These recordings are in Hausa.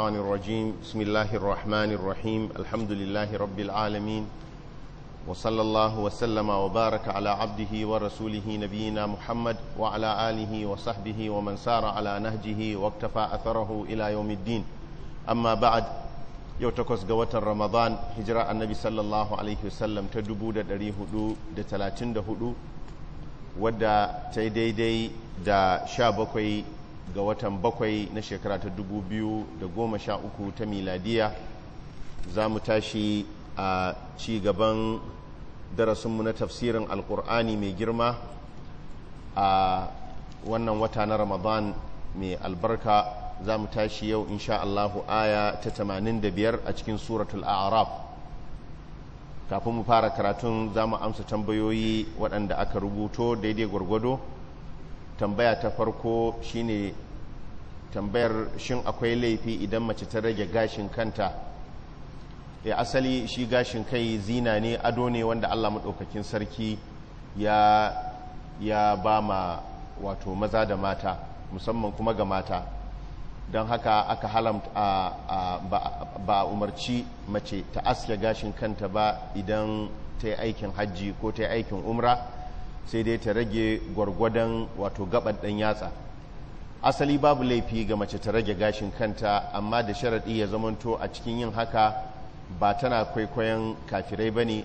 الشيطان الرجيم بسم الله الرحمن الرحيم الحمد لله رب العالمين وصلى الله وسلم وبارك على عبده ورسوله نبينا محمد وعلى آله وصحبه ومن سار على نهجه واكتفى أثره إلى يوم الدين أما بعد يوتكوس قوة رمضان هجراء النبي صلى الله عليه وسلم تدبو دا دريه دو دا تلاتين دا هدو ودا تيديدي دا شابكوي ga watan bakwai na shekara ta dubu biyu da goma sha uku ta miladiya za mu tashi a ci gaban darasinmu na tafsirin alkur'ani mai girma a wannan wata na ramadan mai albarka za mu tashi yau insha Allahu aya ta 85 a cikin suratul a'raf kafin mu fara karatun za mu amsa tambayoyi waɗanda aka rubuto daidai gwargwado tambaya ta farko shine tambayar shin akwai laifi idan mace ta rage gashin kanta ya eh, asali shi gashin kai zina ne ado ne wanda allah maɗaukakin sarki ya ya ba ma wato maza da mata musamman kuma ga mata don haka aka halamta ba umarci mace ta aske gashin kanta ba idan ta yi aikin hajji ko ta yi aikin umra sai dai ta rage gwargwadon wato gaban yatsa asali babu laifi ga mace ta rage gashin kanta amma da sharaɗi ya zamanto a cikin yin haka ba tana kwaikwayon kafirai ba ne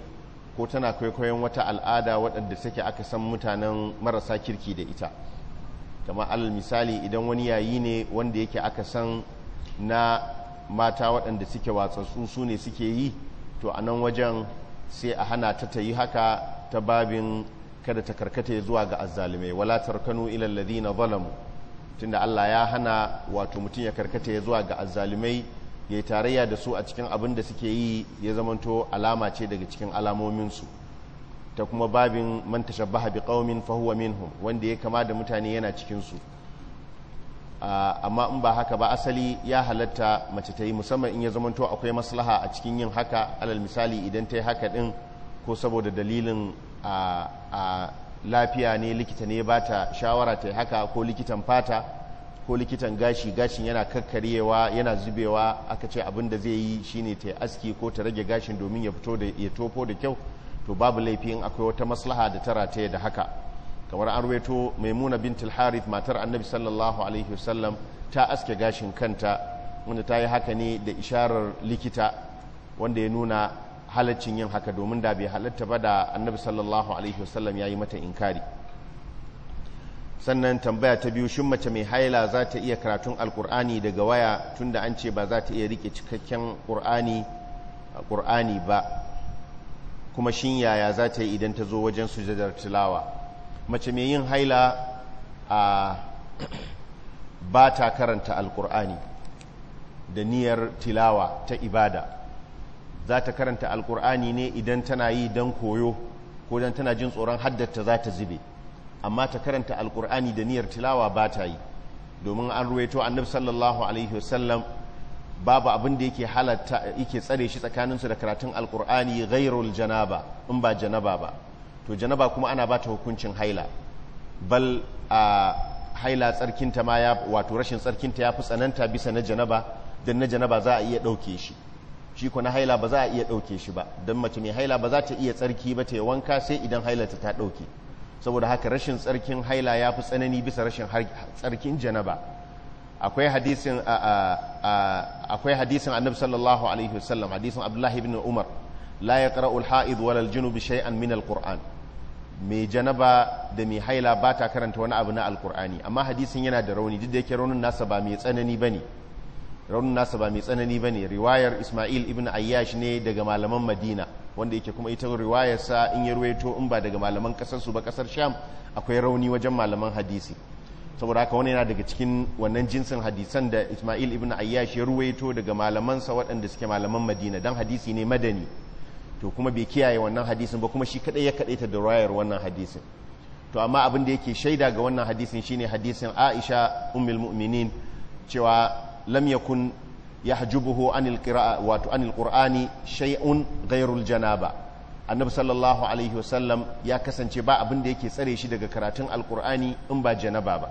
ko tana kwaikwayon wata al'ada waɗanda take aka san mutanen marasa kirki da ita kama alal misali idan wani yayi ne wanda yake aka san na mata waɗanda suke watsatsu su ne suke yi to a nan wajen sai a hana ta ta yi haka ta babin kada ta karkata zuwa ga azzalumai wala tarkanu ilal ladina zalamu tunda Allah ya hana wato mutum ya karkata ya zuwa ga azzalumai ya yi tarayya da su a cikin abin da suke yi ya zamanto alama ce daga cikin alamominsu ta kuma babin man tashabbaha bi qaumin fa huwa minhum wanda ya kama da mutane yana cikin su amma in ba haka ba asali ya halatta mace ta yi musamman in ya zamanto akwai maslaha a cikin yin haka alal misali idan ta yi haka din ko saboda dalilin a lafiya ne likita ne ba ta shawara ta haka ko likitan fata ko likitan gashi gashin yana kakkaryewa yana zubewa aka ce abin da zai yi shine ta aski ko ta rage gashin domin ya fito da ya tofo da kyau to babu laifin akwai wata maslaha da tara ta da haka kamar an ruwaito maimuna bintul harith matar annabi sallallahu alaihi wasallam ta aske gashin kanta wanda ta yi haka ne da isharar likita wanda ya nuna halaccin yin haka domin da bai halatta ba da annabi sallallahu alaihi wasallam ya yi mata inkari sannan tambaya ta biyu shin mace mai haila za ta iya karatun alkur'ani daga waya tunda an ce ba za ta iya rike cikakken ƙur'ani ba kuma shin yaya za ta yi idan ta zo wajen sujadar tilawa mace mai yin haila a ba ta karanta alkur'ani da niyyar tilawa ta ibada za ta karanta alkur'ani ne idan tana yi don koyo ko don tana jin tsoron haddata za ta zube amma ta karanta alkur'ani da niyyar tilawa ba ta yi domin an ruwaito annabi sallallahu alaihi wasallam babu abin da yake halatta yake tsare shi tsakaninsu da karatun alkur'ani ghairul janaba in ba janaba ba to janaba kuma ana ba ta hukuncin haila bal a haila tsarkinta ma ya wato rashin tsarkinta ya fi tsananta bisa na janaba don na janaba za a iya ɗauke shi shi na haila ba za a iya ɗauke shi ba don mace mai haila ba za ta iya tsarki ba ta ya wanka sai idan hailata ta ɗauke saboda haka rashin tsarkin haila ya fi tsanani bisa rashin tsarkin janaba akwai hadisin annabi sallallahu alaihi wasallam hadisin abdullahi ibn umar la ya al-ha'id wala al-junub shay'an min quran mai janaba da mai haila ba ta karanta wani abu na alkur'ani amma hadisin yana da rauni duk da yake raunin nasa ba mai tsanani ba ne raunin nasa ba mai tsanani ba ne riwayar ismail ibn ayyash ne daga malaman madina wanda yake kuma ita riwayarsa in ya ruwaito in ba daga malaman kasarsu ba kasar sham akwai rauni wajen malaman hadisi saboda haka wani yana daga cikin wannan jinsin hadisan da ismail ibn ayyash ya ruwaito daga malamansa waɗanda suke malaman madina don hadisi ne madani to kuma bai kiyaye wannan hadisin ba kuma shi kaɗai ya kaɗaita da riwayar wannan hadisin to amma abin da yake shaida ga wannan hadisin shine hadisin aisha ummul mu'minin cewa lam yakun yahjubuhu anil qira'a wato anil qur'ani shay'un ghayrul janaba annabi sallallahu alaihi ya kasance ba abin da yake tsare shi daga karatun alqur'ani in ba janaba ba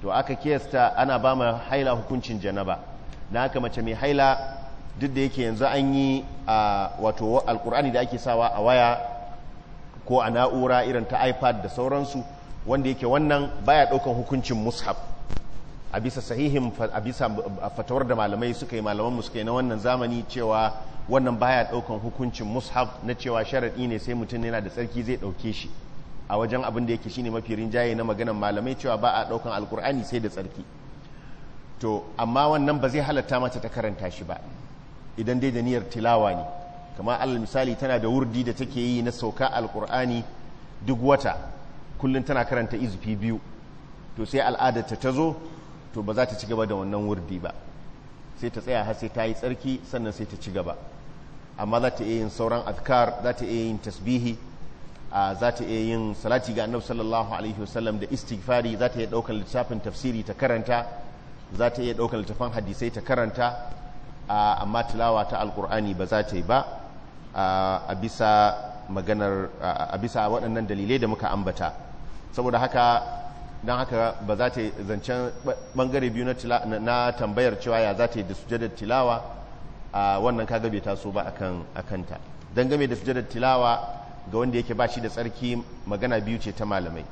to aka kiyasta ana ba ma haila hukuncin janaba na haka mace mai haila duk da yake yanzu an yi wato alqur'ani da ake sawa a waya ko a na'ura irin ta iPad da sauransu wanda yake wannan baya daukan hukuncin mushaf a bisa sahihin a bisa fatawar da malamai suka yi malaman mu na wannan zamani cewa wannan baya daukan hukuncin mushaf na cewa sharadi ne sai mutum yana da tsarki zai dauke shi a wajen abin da yake shine mafi rinjaye na maganan malamai cewa ba a daukan alkur'ani sai da tsarki to amma wannan ba zai halatta mata ta karanta shi ba idan dai da niyyar tilawa ne kamar alal misali tana da wurdi da take yi na sauka alkur'ani duk wata kullum tana karanta izufi biyu to sai al'adarta ta zo to ba za ta ci gaba da wannan wurdi ba sai ta tsaya har sai ta yi tsarki sannan sai ta ci gaba amma za ta iya sauran adkar za ta iya yin tasbihi za ta iya salati ga annabi sallallahu alaihi wasallam da istighfari za ta iya daukar littafin tafsiri ta karanta za ta iya daukar littafin hadisai ta karanta amma tilawa ta alkur'ani ba za ta yi ba a bisa maganar a bisa waɗannan dalilai da muka ambata saboda haka don haka ba za ta zancen bangare biyu na tambayar cewa ya za ta yi da sujadar tilawa a wannan kaga bai taso ba a kanta don game da sujadar tilawa ga wanda yake ba shi da tsarki magana biyu ce ta malamai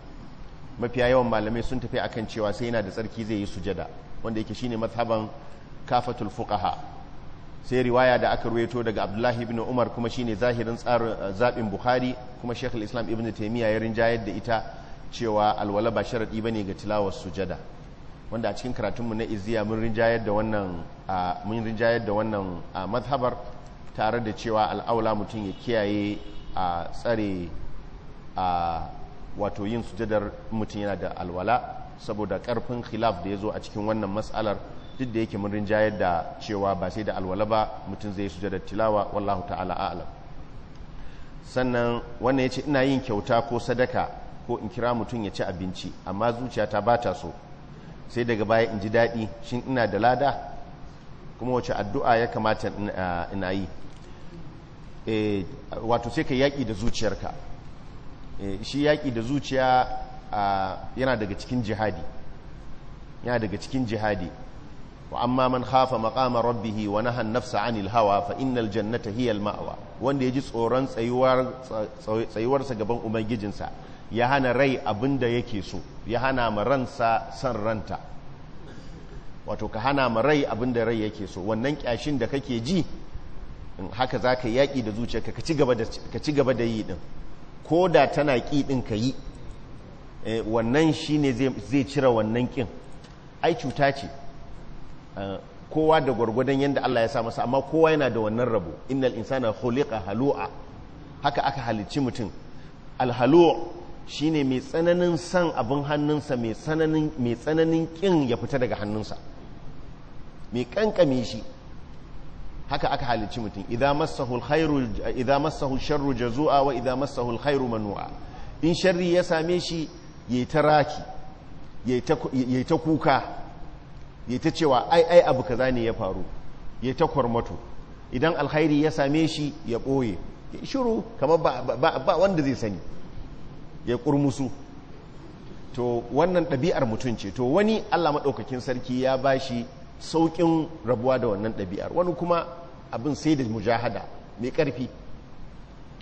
mafiya yawan malamai sun tafi akan cewa sai yana da tsarki zai yi sujada wanda yake shine mazhaban kafatul fuqaha sai riwaya da aka ruwaito daga abdullahi ibn umar kuma shine zahirin tsarin zaɓin bukhari kuma shekul islam ibn taimiyya ya rinjayar da ita cewa alwala ba sharaɗi ba ne ga tilawar sujada wanda a cikin karatunmu na iziya mun rinjayar da wannan mun rinjayar da wannan mazhabar tare da cewa al'aula mutum ya kiyaye a tsare a wato yin sujadar mutum yana da alwala saboda karfin khilaf da ya zo a cikin wannan matsalar duk da yake mun rinjayar da cewa ba sai da alwala ba mutum zai sujadar tilawa wallahu ta'ala a'lam sannan wannan ya ce ina yin kyauta ko sadaka ko in kira mutum ya ci abinci amma zuciyata ba ta so sai daga baya in ji daɗi shin ina da lada kuma wace addu'a ya kamata ina yi eh, wato sai ka yaƙi da zuciyarka eh, shi yaƙi da zuciya yana daga cikin jihadi yana daga cikin jihadi wa amma man hafa maƙama rabbihi wa nahan nafsa anil hawa fa innal jannata hiyal ma'awa wanda ya ji tsoron tsayuwarsa gaban ubangijinsa ya hana rai abin da yake so ya hana ma ransa san ranta wato ka hana ma rai abin da rai yake so wannan kyashin da kake ji haka za ka yaƙi da zuciyarka ka ci gaba da yi ɗin ko da tana ƙi ɗin ka yi eh, wannan shi ne zai cire wannan ƙin ai cuta ce eh, kowa da gwargwadon yadda Allah ya sa masa amma kowa yana da wannan rabo innal insana khuliqa halu'a haka aka halicci mutum alhalu'a shine mai tsananin san abin hannunsa mai tsananin kin ya fita daga hannunsa mai ƙanƙame shi haka aka halici mutum idan masahu sharru jazu'a wa idan masahu khairu manu'a in sharri ya same shi ya ta raki ya ta kuka ya ta cewa ai ai abu kaza ne ya faru ya ta kwarmato idan alkhairi ya same shi ya ɓoye shiru kamar ba wanda zai sani ya kurmusu to wannan ɗabi'ar mutum ce to wani allah maɗaukakin sarki ya ba shi sauƙin rabuwa da wannan ɗabi'ar wani kuma abin sai da mujahada mai ƙarfi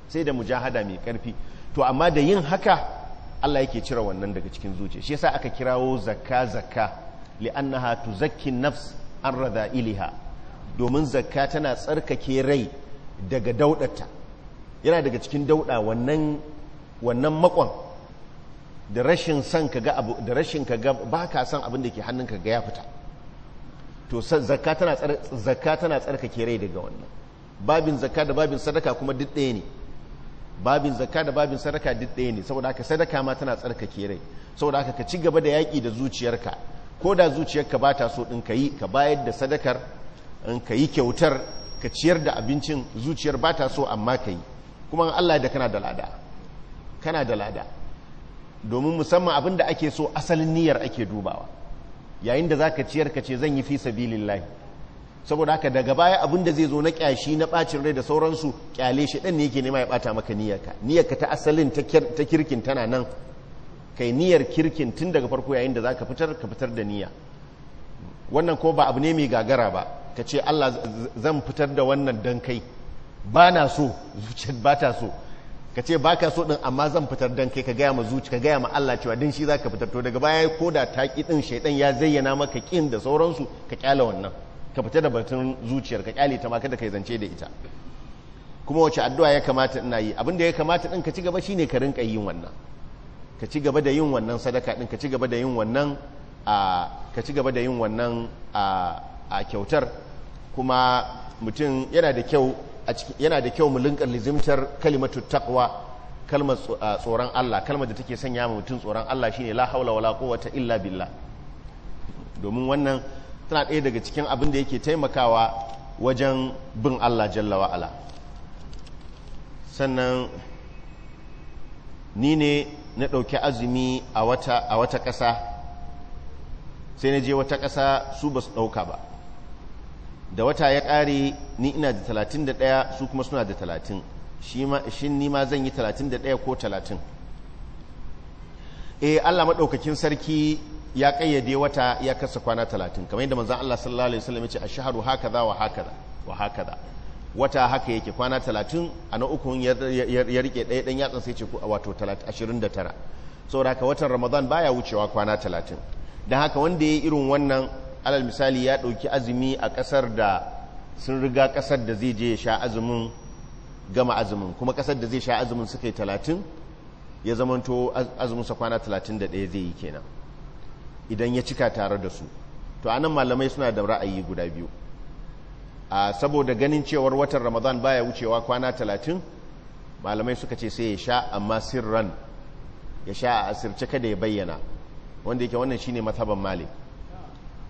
sai da mujahada mai ƙarfi to amma da yin haka allah yake cire wannan daga cikin zuciya shi yasa aka kirawo zakka zakka li'annaha tuzakki nafs an iliha domin zakka tana tsarkake rai daga daudata yana daga cikin dauɗa wannan wannan makon da rashin san ka ga abu da rashin ka ga ba ka san abin da ke hannun ka ga ya fita to zakka tana zakka tana tsarkake rai daga wannan babin zakka da babin sadaka kuma duk ɗaya ne babin zakka da babin sadaka duk ɗaya ne saboda haka sadaka ma tana tsarkake rai saboda haka ka ci gaba da yaƙi da zuciyarka ko da zuciyarka ba ta so ɗin ka yi ka bayar da sadakar in ka yi kyautar ka ciyar da abincin zuciyar ba ta so amma ka yi kuma Allah da kana da lada kana da lada domin musamman abin da ake so asalin niyyar ake dubawa yayin da zaka ciyar ka ce zan yi fi sabilillahi saboda haka daga baya abin da zai zo na kyashi na bacin rai da sauransu kyale shi dan ne yake nema ya bata maka niyyarka niyyarka ta asalin ta kirkin tana nan kai niyyar kirkin tun daga farko yayin da zaka fitar ka fitar da niyya wannan ko ba abu ne mai gagara ba ka ce Allah zan fitar da wannan dan kai ba na so zuciyar ba ta so ka ce ba ka so ɗin amma zan fitar don kai ka gaya ma zuci ka gaya ma Allah cewa din shi za ka fitar to daga baya ko da ta ƙi ɗin shaiɗan ya zayyana maka ƙin da sauransu ka ƙyala wannan ka fita da batun zuciyar ka ƙyale ta ma kada kai zance da ita kuma wace addu'a ya kamata ina yi abin da ya kamata ɗin ka ci gaba shine ka rinƙa yin wannan ka ci gaba da yin wannan sadaka ɗin ka ci gaba da yin wannan ka ci gaba da yin wannan a kyautar kuma mutum yana da kyau yana da kyau mu linkar lizimtar kalimatu takwa kalmar tsoron Allah kalmar da take sanya ma mutum tsoron Allah shine la haula wala quwwata illa billah domin wannan tana ɗaya daga cikin abin da yake taimakawa wajen bin Allah jalla wa sannan ni ne na ɗauki azumi a wata ƙasa sai na je wata ƙasa su ba su ɗauka ba da wata ya ƙare ni ina da talatin da ɗaya su kuma suna da talatin shi ni ma zan yi talatin da ɗaya ko talatin e allah maɗaukakin sarki ya ƙayyade wata ya kasa kwana talatin kamar yadda manzan allah sallallahu alaihi wasallam ya ce a shaharu haka za wa haka da wa haka wata haka yake kwana talatin a na ukun ya rike ɗaya ɗan yatsan sai ce wato ashirin da tara saboda haka watan ramadan baya wucewa kwana talatin don haka wanda ya yi irin wannan alal misali ya ɗauki azumi a ƙasar da sun riga ƙasar da zai je ya sha azumin gama azumin kuma ƙasar da zai sha azumin suka yi talatin ya zamanto azuminsa kwana talatin da ɗaya zai yi kenan idan ya cika tare da su to anan malamai suna da ra'ayi guda biyu a saboda ganin cewar watan ramadan baya wucewa kwana talatin malamai suka ce sai ya sha amma sirran ya sha a asirce kada ya bayyana wanda yake wannan shine mazhaban malik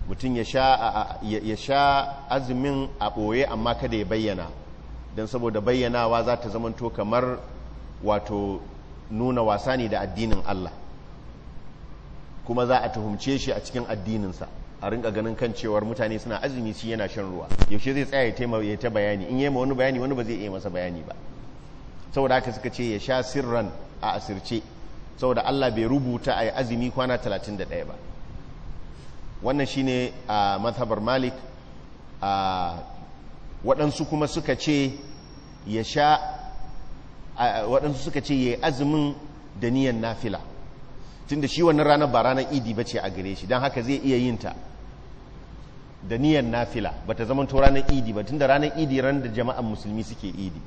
mutum ya sha azumin a ɓoye amma kada ya bayyana don saboda bayyanawa za ta zamanto kamar wato nuna wasa ne da addinin Allah kuma za a tuhumce shi a cikin addininsa a rinka ganin kan cewar mutane suna azumi shi yana shan ruwa yaushe zai tsaya ya ta bayani in yi ma wani bayani wani ba zai iya masa bayani ba da haka suka ce ya sha sirran a asirce saboda Allah bai rubuta a azumi kwana 31 ba wannan shine a mazhabar malik a waɗansu kuma suka ce ya sha waɗansu suka ce ya azumin da niyan nafila tun da shi wannan ranar ba ranar idi ba ce a gare shi don haka zai iya yin ta da niyan nafila ba ta zama to ranar idi ba tun da ranar idi ran da jama'an musulmi suke idi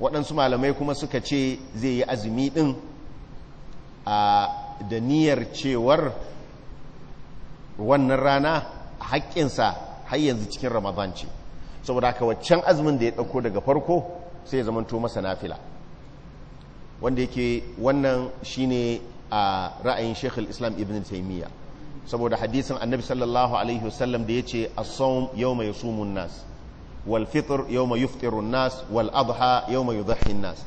waɗansu malamai kuma suka ce zai yi azumi ɗin da niyyar cewar wannan rana haƙƙinsa har yanzu cikin ramadan ce saboda haka waccan azumin da ya ɗauko daga farko sai ya zamanto masa nafila wanda yake wannan shine a ra'ayin shekul islam ibn taimiyya saboda hadisin annabi sallallahu alaihi wasallam da ya ce as-sawm yawma yasumun nas wal fitr yawma yuftirun nas wal adha yawma yudhhin nas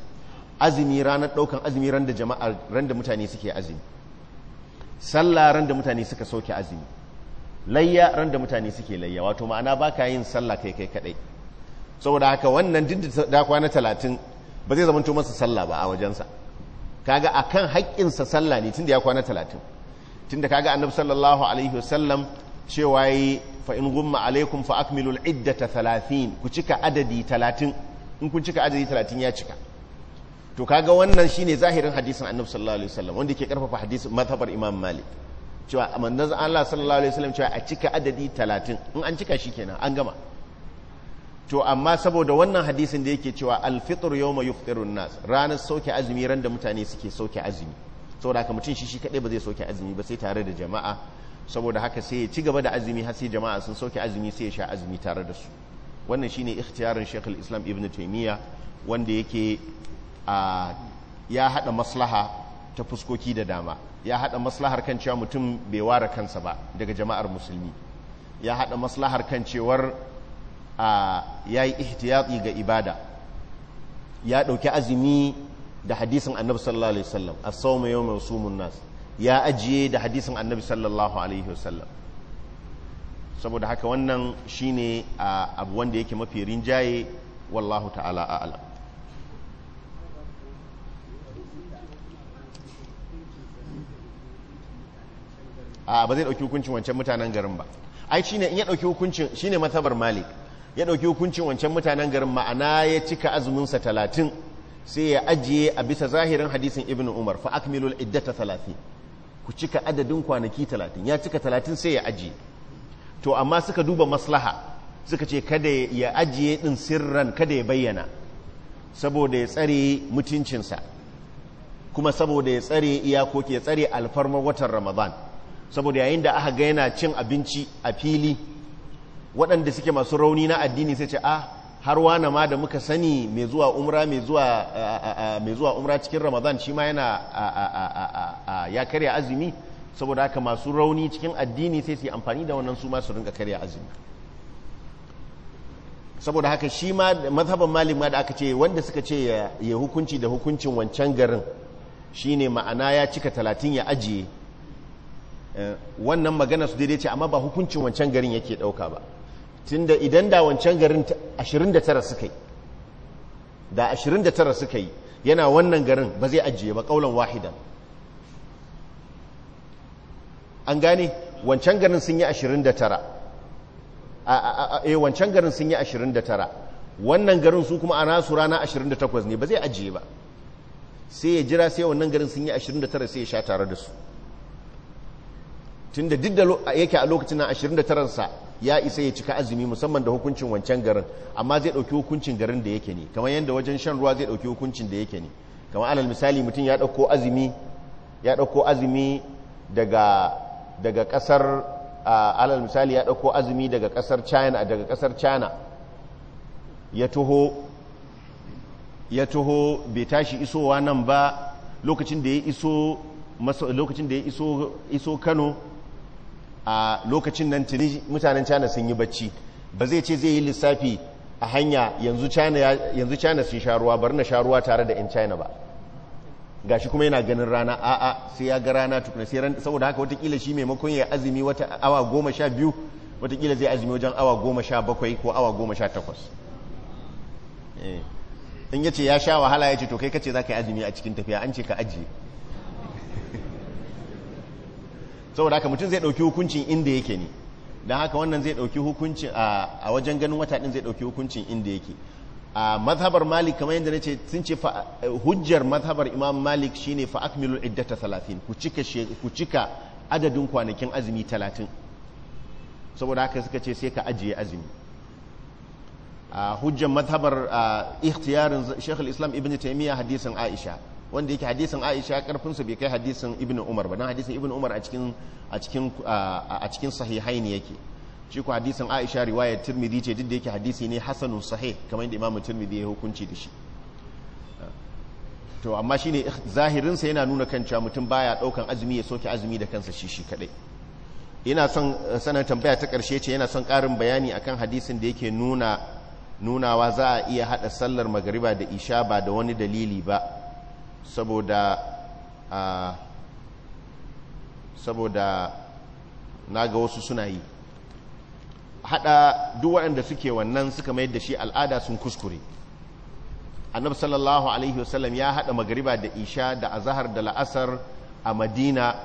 azumi ranar ɗaukan azumi ran da jama'a ran da mutane suke azumi sallah ran da mutane suka soke azumi layya ran da mutane suke layya wato ma'ana ba ka yin sallah kai kai kadai saboda haka wannan duk da kwana talatin ba zai zamanto masa sallah ba a wajensa kaga akan haƙƙinsa sallah ne tunda ya kwana talatin tunda kaga annabi sallallahu alaihi wasallam cewa yi fa in gumma alaikum fa akmilu al'iddata 30 ku cika adadi talatin in kun cika adadi talatin ya cika to kaga wannan shine zahirin hadisin annabi sallallahu alaihi wasallam wanda ke karfafa hadisin mazhabar imam malik cewa manzon Allah sallallahu alaihi wasallam cewa a cika adadi 30 in an cika shi kenan an gama to amma saboda wannan hadisin da yake cewa alfitr yawma yufṭirun nas ranar sauke azumi ran da mutane suke sauke azumi saboda haka mutum shi shi kadai ba zai sauke azumi ba sai tare da jama'a saboda haka sai ya ci gaba da azumi har sai jama'a sun sauke azumi sai ya sha azumi tare da su wannan shine ikhtiyarin Sheikh islam Ibn Taymiyyah wanda yake ya haɗa maslaha ta fuskoki da dama ya haɗa maslahar kan cewa mutum bai ware kansa ba daga jama'ar musulmi ya haɗa maslahar kan cewar ya yi ihtiyatsi ga ibada ya ɗauki azumi da hadisin annabi sallallahu alaihi wasallam as-sawmu yawma yasumun nas ya ajiye da hadisin annabi sallallahu alaihi wasallam saboda haka wannan shine abu wanda yake mafi rinjaye wallahu ta'ala a'lam ba zai dauki hukuncin wancan mutanen garin ba ai shine in ya dauki hukuncin shine matabar malik ya ɗauki hukuncin wancan mutanen garin ma'ana ya cika azumin talatin sai ya ajiye a bisa zahirin hadisin Ibn umar fa akmilul iddata talatin ku cika adadin kwanaki talatin ya cika talatin sai ya ajiye to amma suka duba maslaha suka ce kada ya ajiye din sirran kada ya bayyana saboda ya tsare mutuncinsa kuma saboda ya tsare iyakoki ya tsare alfarmar watan ramadan saboda yayin da aka ga yana cin abinci a fili waɗanda suke masu rauni na addini sai ce a ah, har wana ma da muka sani mai zuwa umra mai zuwa umra cikin ramadan shi ma yana ya karya azumi saboda haka masu rauni cikin addini sai su yi amfani da wannan su ma su rinka karya azumi saboda haka shi ma mazhaban malik ma da aka ce wanda suka ce ya hukunci da hukuncin wancan garin shine ma'ana ya cika talatin ya ajiye Eh, wannan magana su daidai ce amma ba hukuncin wancan garin yake dauka ba tunda idan da wancan garin 29 suka yi da 29 suka yi yana wannan garin ba zai ajiye ba kaulan wahidan an gane wancan garin sun yi 29 eh wancan garin sun yi 29 wannan garin su kuma a nasu rana 28 ne ba zai ajiye ba sai ya jira sai wannan garin sun yi 29 sai ya sha tare da su tunda duk da yake a lokacin na 29 sa ya isa ya cika azumi musamman da hukuncin wancan garin amma zai dauki hukuncin garin da yake ne kamar yadda wajen shan ruwa zai dauki hukuncin da yake ne kamar alal misali mutum ya dauko azumi ya dauko azumi daga daga kasar alal misali ya dauko azumi daga kasar China daga kasar China ya taho ya taho bai tashi isowa nan ba lokacin da ya iso lokacin da ya iso Kano a lokacin nan tuni mutanen china sun yi bacci ba zai ce zai yi lissafi a hanya yanzu china sun sha ruwa bari na sha ruwa tare da 'yan china ba gashi kuma yana ganin rana a'a sai ya ga rana tukuna sai ran saboda haka watakila shi maimakon ya azumi wata awa goma sha biyu watakila zai azumi wajen awa goma sha bakwai ko awa goma sha takwas eh. in ya ce ya sha wahala ya ce to kai kace za ka yi azumi a cikin tafiya an ce ka ajiye saboda haka mutum zai ɗauki hukuncin inda yake ne don haka wannan zai dauki hukuncin a wajen ganin wata din zai dauki hukuncin inda yake a mazhabar malik kamar yadda na ce sun ce hujjar mazhabar imam malik shine fa akmilu iddata talatin ku cika adadin kwanakin azumi talatin saboda haka suka ce sai ka ajiye azumi a hujjar mazhabar ikhtiyarin shekul islam ibn taimiyya hadisin aisha wanda yake hadisin aisha karfinsu bai kai hadisin ibn umar ba don hadisin ibn umar a cikin sahihai ne yake shi ku hadisin aisha riwayar tirmidhi ce duk da yake hadisi ne Hassanun sahih kamar da imamu tirmidhi ya hukunci da shi to amma shine zahirinsa yana nuna kan cewa mutum baya daukan azumi ya soke azumi da kansa shi shi kadai yana son sanar tambaya ta karshe ce yana son karin bayani akan hadisin da yake nuna nunawa za a iya hada sallar magariba da isha ba da wani dalili ba saboda a saboda ga wasu suna yi hada duk waɗanda suke wannan suka mayar da shi al'ada sun kuskure annabi sallallahu alaihi wasallam ya hada magariba da isha da azahar da la'asar a madina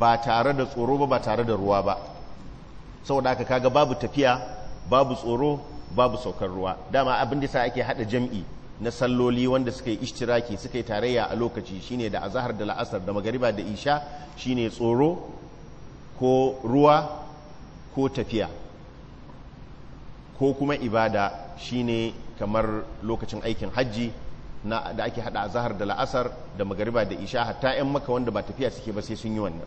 ba tare da tsoro ba ba tare da ruwa ba saboda haka kaga babu tafiya babu tsoro babu saukar ruwa dama abin da sa ake hada jam'i na salloli wanda suka yi ishtiraki suka yi tarayya a lokaci shine da azahar da la'asar da magariba da isha shine tsoro ko ruwa ko tafiya ko kuma ibada shine kamar lokacin aikin hajji da ake hada azahar da la'asar da magariba da isha hatta yan maka wanda ba tafiya suke ba sai sun yi wannan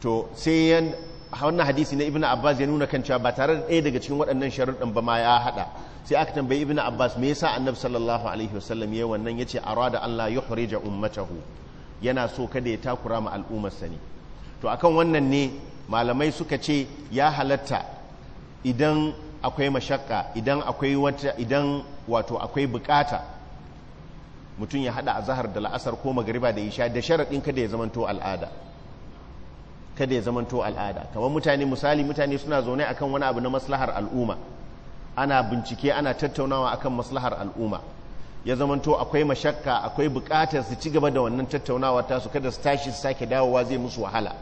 to sai yan wannan hadisi na ibnu abbas ya nuna kan cewa ba tare da ɗaya daga cikin waɗannan sharuɗin ba ma ya hada sai aka tambayi ibn abbas me yasa annabi sallallahu alaihi wasallam yayi wannan yace arada Allah yuhrija ummatahu yana so kada ya takura ma al'ummar sa ne to akan wannan ne malamai suka ce ya halatta idan akwai mashakka idan akwai wata idan wato akwai bukata mutum ya hada azhar da la'asar ko magariba da isha da sharadin kada ya zamanto al'ada kada ya zamanto al'ada kamar mutane misali mutane suna zaune akan wani abu na maslahar al'umma ana bincike ana tattaunawa akan maslahar al'umma ya zamanto akwai mashakka akwai bukatar su ci gaba da wannan tattaunawa ta su kada su tashi su sake dawowa zai musu wahala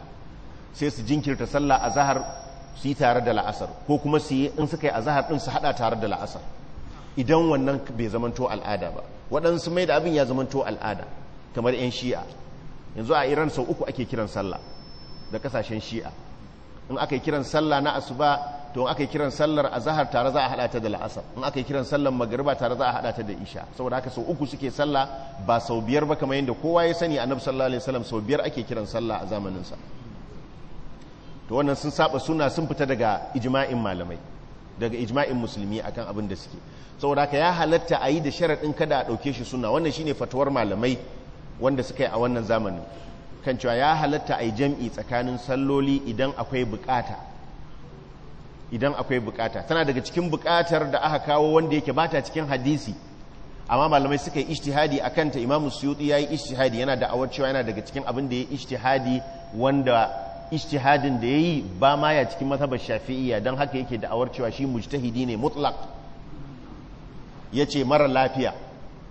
sai su jinkirta sallah a zahar su yi tare da la'asar ko kuma su yi in suka yi a zahar din su hada tare da la'asar idan wannan bai zamanto al'ada ba waɗansu mai da abin ya zamanto al'ada kamar 'yan shi'a yanzu a iran sau uku ake kiran sallah da kasashen shi'a in aka yi kiran sallah na asuba to in aka yi kiran sallar azahar tare za a hada ta da la'asar in aka yi kiran sallar magariba tare za a hada ta da isha saboda haka sau uku suke sallah ba sau biyar ba kamar yadda kowa ya sani annabi sallallahu alaihi wasallam sau biyar ake kiran sallah a zamanin sa to wannan sun saba suna sun fita daga ijma'in malamai daga ijma'in musulmi akan abin da suke saboda haka ya halatta a yi da sharadin kada a ɗauke shi suna wannan shine fatuwar malamai wanda suka yi a wannan zamanin kan cewa ya halatta a yi jam'i tsakanin salloli idan akwai bukata idan akwai bukata tana daga cikin bukatar da aka kawo wanda yake bata cikin hadisi amma malamai suka yi ishtihadi a kanta imamu suyuti ya yi ishtihadi yana da awar cewa yana daga cikin abin da ya yi ishtihadi wanda ishtihadin da ya yi ba ma ya cikin mazhabar shafi'iyya don haka yake da awar cewa shi mujtahidi ne mutlak ya ce mara lafiya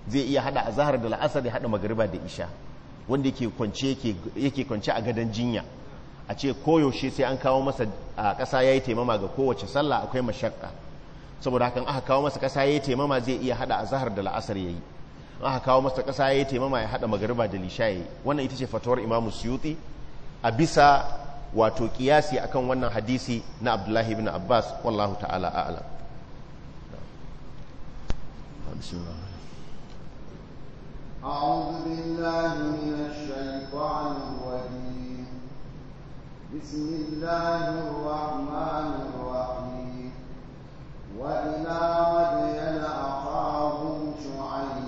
zai iya hada azahar da la'asar ya hada magariba da isha wanda yake kwance a gadon jinya a ce koyaushe sai an kawo masa a ƙasa ya yi taimama ga kowace sallah akwai mashakka saboda hakan aka kawo masa ƙasa ya yi taimama zai iya haɗa a zahar da la'asar ya yi aka kawo masa ƙasa ya yi taimama ya haɗa magariba da lisha ya yi wannan ita ce fatawar imamu suyuti a bisa wato kiyasi akan wannan hadisi na abdullahi ibn abbas wallahu ta'ala a'alam أعوذ بالله من الشيطان الرجيم بسم الله الرحمن الرحيم وإلى مدين أخاهم شعيبا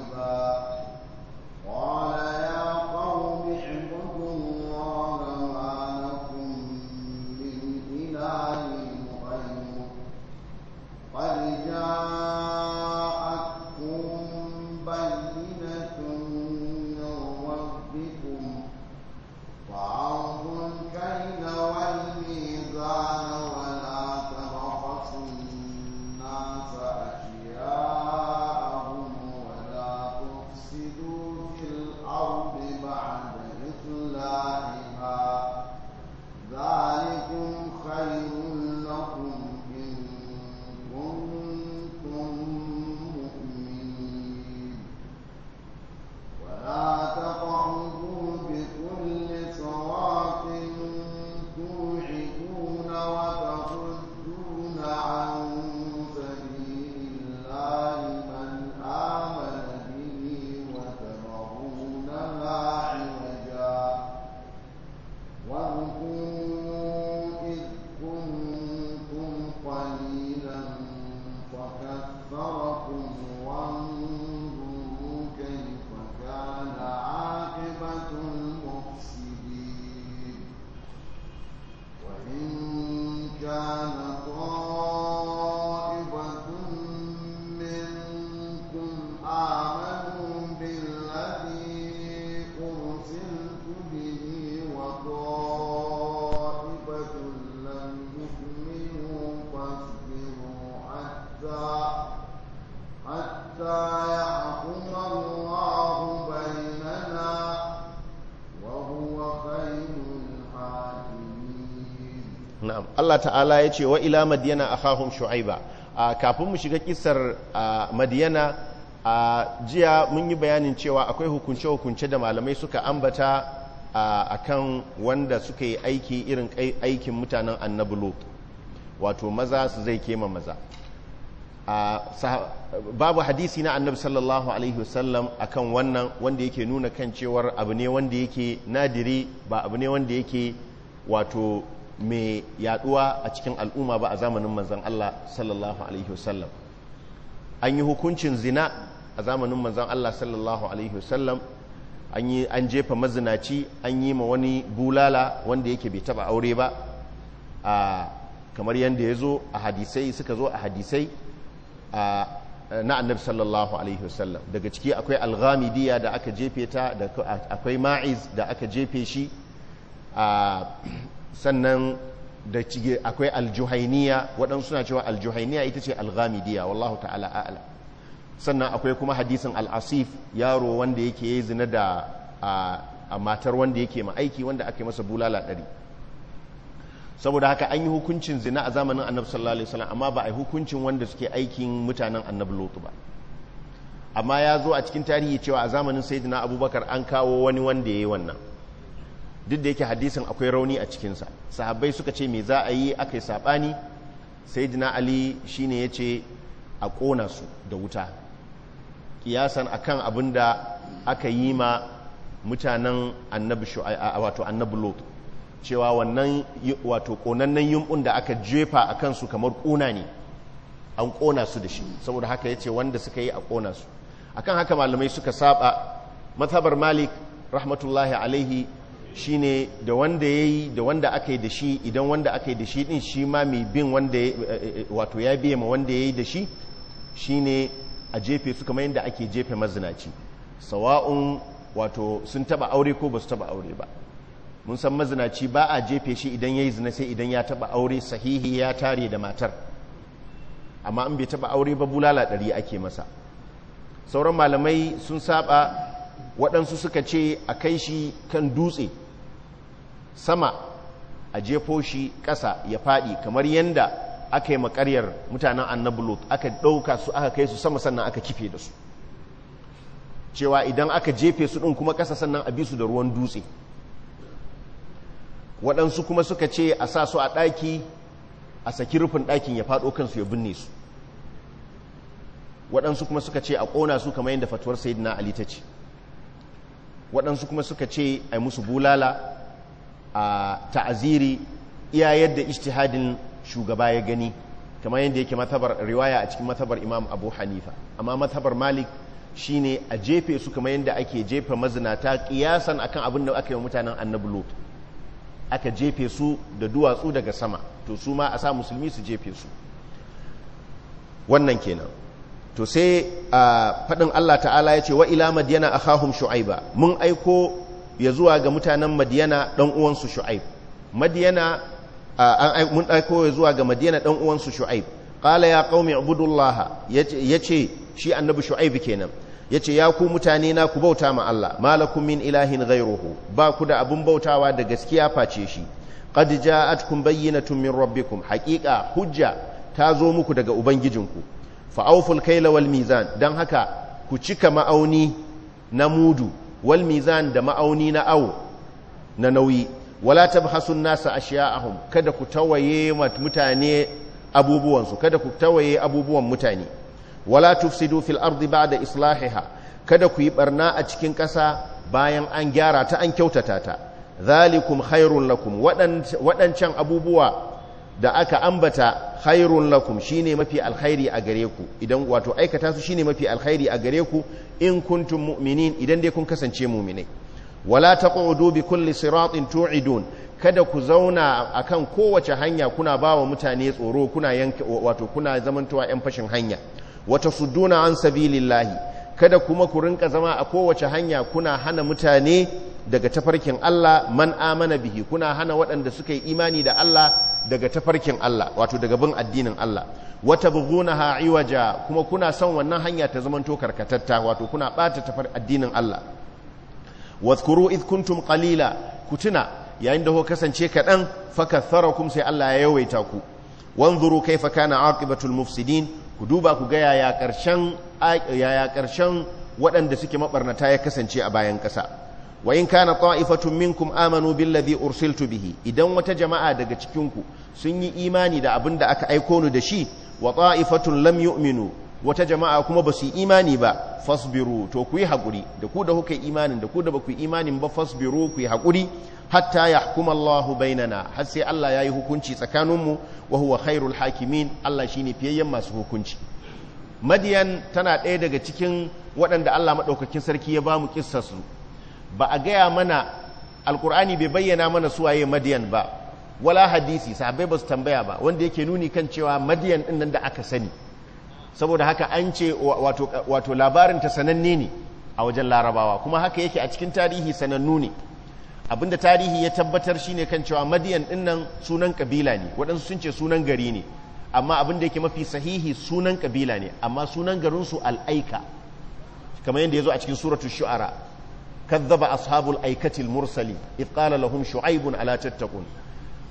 Allah ta'ala ya ce wa ila madiyana a akhahum shu'aiba kafin mu shiga kisar madiyana jiya mun yi bayanin cewa akwai hukunce hukunce da malamai suka ambata a kan wanda suka yi aiki irin aikin mutanen annabi wato maza su zai kema maza babu hadisi na annabi sallallahu alaihi wasallam akan wannan wanda yake nuna kan cewar abu ne wanda yake nadiri ba abu ne wanda yake wato mai yaduwa a cikin al'umma ba a zamanin manzan Allah sallallahu alaihi wasallam an yi hukuncin zina a zamanin manzan Allah sallallahu alaihi wasallam an yi an jefa mazinaci an yi ma wani bulala wanda yake bai taba aure ba a kamar yadda ya zo a hadisai suka zo a hadisai a na annabi sallallahu alaihi wasallam daga ciki akwai alghamidiya da aka jefe ta akwai ma'iz da aka jefe shi sannan da cige akwai aljuhainiya waɗansu suna cewa aljuhainiya ita ce alghamidiya wallahu ta'ala a'ala sannan akwai kuma hadisin al'asif yaro wanda yake yi zina da a matar wanda yake ma'aiki wanda aka yi masa bulala ɗari saboda haka an yi hukuncin zina a zamanin annabi sallallahu alaihi wasallam amma ba a yi hukuncin wanda suke aikin mutanen annabi lotu ba amma ya zo a cikin tarihi cewa a zamanin sayyidina abubakar an kawo wani wanda ya yi wannan duk da yake hadisin akwai rauni a cikinsa sahabbai suka ce me za a yi aka yi saɓani sai jina ali shi ne ya ce a ƙona su da wuta ƙiyasan a kan abin da aka yi ma mutanen annabi wato lot cewa wannan wato ƙonannen yumɓun da aka jefa a kansu kamar ƙuna ne an ƙona su da shi saboda haka ya ce wanda suka yi a ƙona su akan haka malamai suka saba matsabar malik rahmatullahi alaihi shi ne da wanda ya yi da wanda aka yi da shi idan wanda aka yi da shi din shi ma mai bin wanda eh, eh, eh, wato ya biya ma wanda ya yi da shi shi ne a jefe su kamar yadda ake jefe mazinaci sawa'un wato sun taba aure ko ba su taba aure ba mun san mazinaci ba a jefe shi idan ya yi zina sai idan ya taba aure sahihi ya tare da matar amma in bai taba aure ba bulala ɗari ake masa sauran malamai sun saba waɗansu suka ce a kai shi kan dutse sama a jefo shi ƙasa ya faɗi kamar yadda aka yi makaryar mutanen annabulot aka ɗauka su aka kai su sama sannan aka kife da su cewa idan aka jefe su ɗin kuma ƙasa sannan a bi su da ruwan dutse waɗansu kuma suka ce a sa su a ɗaki a saki rufin ɗakin ya faɗo kansu ya binne su waɗansu kuma suka ce a ƙona su kamar yadda fatuwar sayidina ali ta ce waɗansu kuma suka ce a yi musu bulala a ta'aziri iya yadda ijtihadin shugaba ya gani kamar yadda yake matabar riwaya a cikin matabar imam abu hanifa amma matabar malik shine a jefe su kamar yadda ake jefa mazinata kiyasan akan abin da aka yi mutanen annabi aka jefe su da duwatsu daga sama to su ma a sa musulmi su jefe su wannan kenan to sai a faɗin Allah ta'ala ya ce wa ila madyana akhahum shu'aiba mun aiko ya zuwa ga mutanen madiyana dan uwansu shu'aib madiyana mun aiko ya zuwa ga madiyana ɗan uwansu shu'aib qala ya qaumi ya yace shi annabi shu'aib kenan yace ya ku mutane na ku bauta ma Allah malakum min ilahin ghayruhu ba ku da abun bautawa da gaskiya face shi qad ja'atkum bayyinatun min rabbikum haqiqa hujja ta zo muku daga ubangijinku fa awful lawal mizan dan haka ku cika ma'auni na mudu wal mizan da ma'auni na awo na nauyi wala tabhasun nasa ahun kada ku tawaye mutane abubuwansu kada ku tawaye abubuwan mutane wala tufsidu fil ardi ba'da islahiha kada ku yi barna a cikin kasa bayan an gyara ta an kyautata ta zalikum khairun lakum waɗancan abubuwa da aka ambata khairun lakum shine mafi alkhairi a gare ku idan wato aikata su shine mafi alkhairi a gare ku in kuntum mu'minin idan dai kun kasance mu'minai wala taqudu bi kulli siratin tu'idun kada ku zauna akan kowace hanya kuna bawa mutane tsoro kuna yanka wato kuna zamantowa yan fashin hanya wata sudduna an sabilillahi kada kuma ku rinka zama a kowace hanya kuna hana mutane daga tafarkin Allah man amana bihi kuna hana waɗanda suka yi imani da Allah daga tafarkin Allah wato daga bin addinin Allah wata ha iwaja kuma kuna son wannan hanya ta zamanto karkatatta wato kuna bata tafar addinin Allah wazkuru id kuntum qalila kutuna yayin da ho kasance kadan fakatharakum sai Allah ya yawaita ku wanzuru kaifa kana aqibatul mufsidin ku duba ku ga yaya karshen yaya karshen waɗanda suke mabarnata ya kasance a bayan ƙasa wa in kana ta'ifatun minkum amanu billadhi ursiltu bihi idan wata jama'a daga cikin ku sun yi imani da abin da aka aiko ni da shi wa ta'ifatun lam yu'minu wata jama'a kuma ba su yi imani ba fasbiru to ku yi haƙuri da ku da kuka imanin da ku da ba imanin ba fasbiru ku yi haƙuri hatta ya hukuma Allah bainana har sai Allah ya yi hukunci tsakaninmu wa huwa khairul hakimin Allah shi ne fiyayyen masu hukunci madiyan tana ɗaya daga cikin waɗanda Allah maɗaukakin sarki ya bamu mu ba a gaya mana alkur'ani bai bayyana mana suwaye madiyan ba wala hadisi sahabbai ba su tambaya ba wanda yake nuni kan cewa madiyan din nan da aka sani saboda haka an ce wato labarin ta sananne ne a wajen larabawa kuma haka yake a cikin tarihi sanannu ne abinda tarihi ya tabbatar shine kan cewa madiyan din nan sunan kabila ne waɗansu sun ce sunan gari ne amma abinda yake mafi sahihi sunan kabila ne amma sunan garinsu al'aika kamar yadda ya zo a cikin suratu shu'ara kazzaba ashabul aikatil mursali id qala lahum shu'aibun ala tattaqun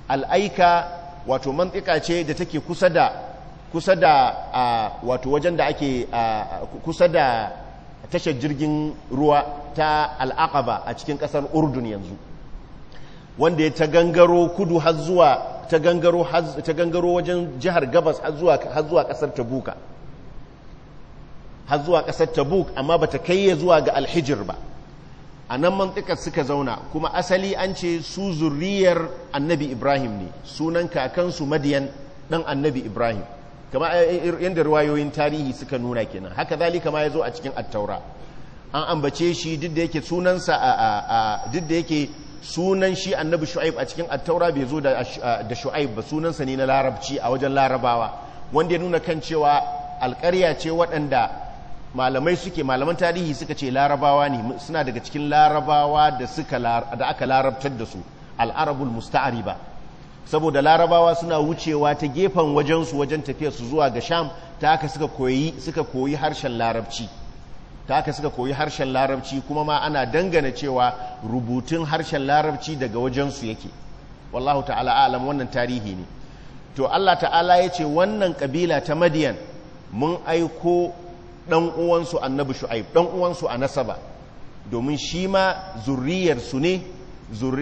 al aika wato mantika ce da take kusa da kusa da wato wajen da ake kusa da tashar jirgin ruwa ta al'aqaba a cikin ƙasar urdun yanzu wanda ya ta gangaro kudu har zuwa ta gangaro wajen jihar gabas har zuwa har zuwa kasar tabuka har zuwa kasar tabuk amma bata kai ya zuwa ga alhijir ba a nan mantikar suka zauna kuma asali an ce su zuriyar annabi ibrahim ne sunan kakansu madiyan dan annabi ibrahim kama eh, eh, eh, yadda ruwayoyin tarihi suka nuna kenan haka zalika ma ya zo a cikin attaura an ambace shi duk da yake sunansa sunan shi annabi shu'aib a cikin attaura bai zo da shu'aib ba sunansa ne na larabci a wajen larabawa wanda ya nuna kan cewa alƙarya ce waɗanda malamai suke malaman tarihi suka ce larabawa ne suna daga cikin larabawa da suka da aka larabtar da su al'arabul musta'ariba saboda larabawa suna wucewa ta gefen wajensu wajen tafiyar su zuwa ga sham ta aka suka koyi suka koyi harshen larabci ta aka suka koyi harshen larabci kuma ma ana dangana cewa rubutun harshen larabci daga wajensu yake wallahu ta'ala alam wannan tarihi ne to Allah ta'ala ya ce wannan kabila ta madiyan mun aiko ɗan uwansu annabi shu'aib ɗan uwansu a nasaba domin shi ma zurriyarsu ne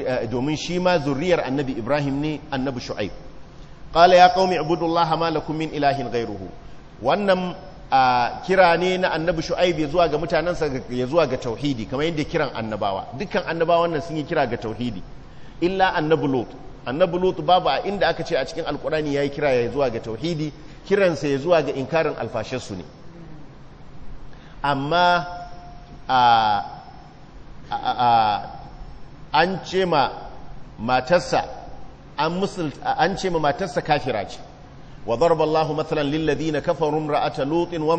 eh, domin shi ma zurriyar annabi ibrahim ne annabi shu'aib qala ya qaumi ibudullaha malakum min ilahin ghayruhu wannan kira ne na annabi shu'aib ya zuwa ga mutanensa ya zuwa ga tauhidi kamar yadda kiran annabawa dukkan annabawan wannan sun yi kira ga tauhidi illa annabi lut annabi lut babu a inda aka ce a cikin alkurani yayi kira ya zuwa ga tauhidi kiransa ya zuwa ga inkarin alfashin su ne amma an ce ma matarsa an an ce ma matarsa kafira ce wa darba Allahu mathalan lil ladina kafaru imra'ata lutin wa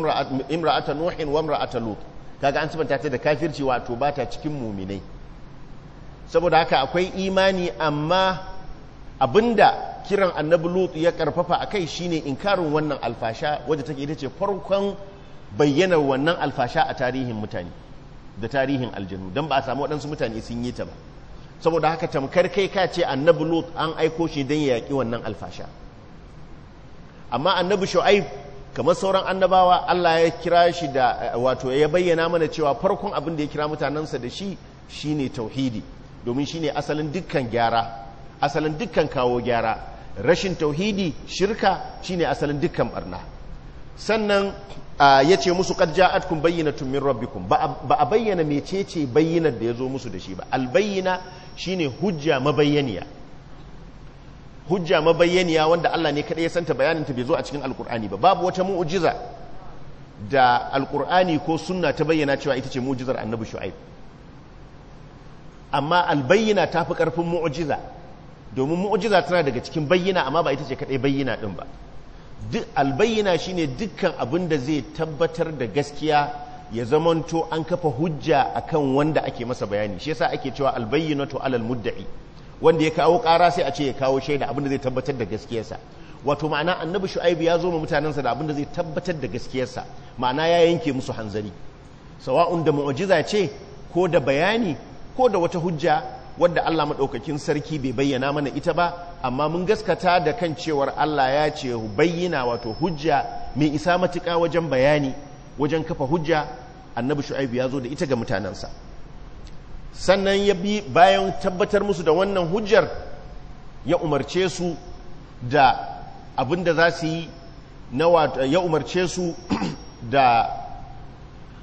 imra'ata nuhin wa imra'ata lut kaga an sibanta ta da kafirci wato ba cikin muminai saboda haka akwai imani amma abinda kiran annabi lut ya karfafa a kai shine inkarin wannan alfasha wadda take ita ce farkon bayyana wannan alfasha a tarihin mutane da tarihin aljanu don ba a samu waɗansu mutane sun yi ta ba saboda haka tamkar kai ka ce annabi lut an aiko shi don ya yaƙi wannan alfasha amma annabi shu'aib kamar sauran annabawa Allah ya kira shi da wato ya bayyana mana cewa farkon abin da ya kira mutanensa da shi shine tauhidi domin shine asalin dukkan gyara asalin dukkan kawo gyara rashin tauhidi shirka shine asalin dukkan barna sannan ya ce musu kad atkun bayyana tummin rabbikun ba a bayyana mecece bayyanar da ya zo musu da shi ba albayyana shine hujja mabayyaniya hujja mabayyaniya wanda Allah ne kaɗai ya santa bayanin bai zo a cikin alkur'ani ba babu wata mu'ujiza da alkur'ani ko sunna ta bayyana cewa ita ce mu'ujizar annabi shu'aib amma albayyana ta fi ƙarfin mu'ujiza domin mu'ujiza tana daga cikin bayyana amma ba ita ce kaɗai bayyana ɗin ba duk albayyana shine dukkan abin da zai tabbatar da gaskiya ya zamanto an kafa hujja akan wanda ake masa bayani shi yasa ake cewa albayyinatu alal mudda'i wanda ya kawo ƙara sai a ce ya kawo shaida abin da zai tabbatar da gaskiyarsa wato ma'ana annabi shu'aibu ya zo ma mutanensa da abin da zai tabbatar da gaskiyarsa ma'ana ya yanke musu hanzari sawa'un da mu'jiza ce ko da bayani ko da wata hujja wadda Allah maɗaukakin sarki bai bayyana mana ita ba amma mun gaskata da kan cewar Allah ya ce bayyana wato hujja mai isa matuka wajen bayani wajen kafa hujja annabi shu'aibu ya zo da ita ga mutanensa sannan ya bi bayan tabbatar musu da wannan hujjar ya umarce su da abin da za su yi ya umarce su da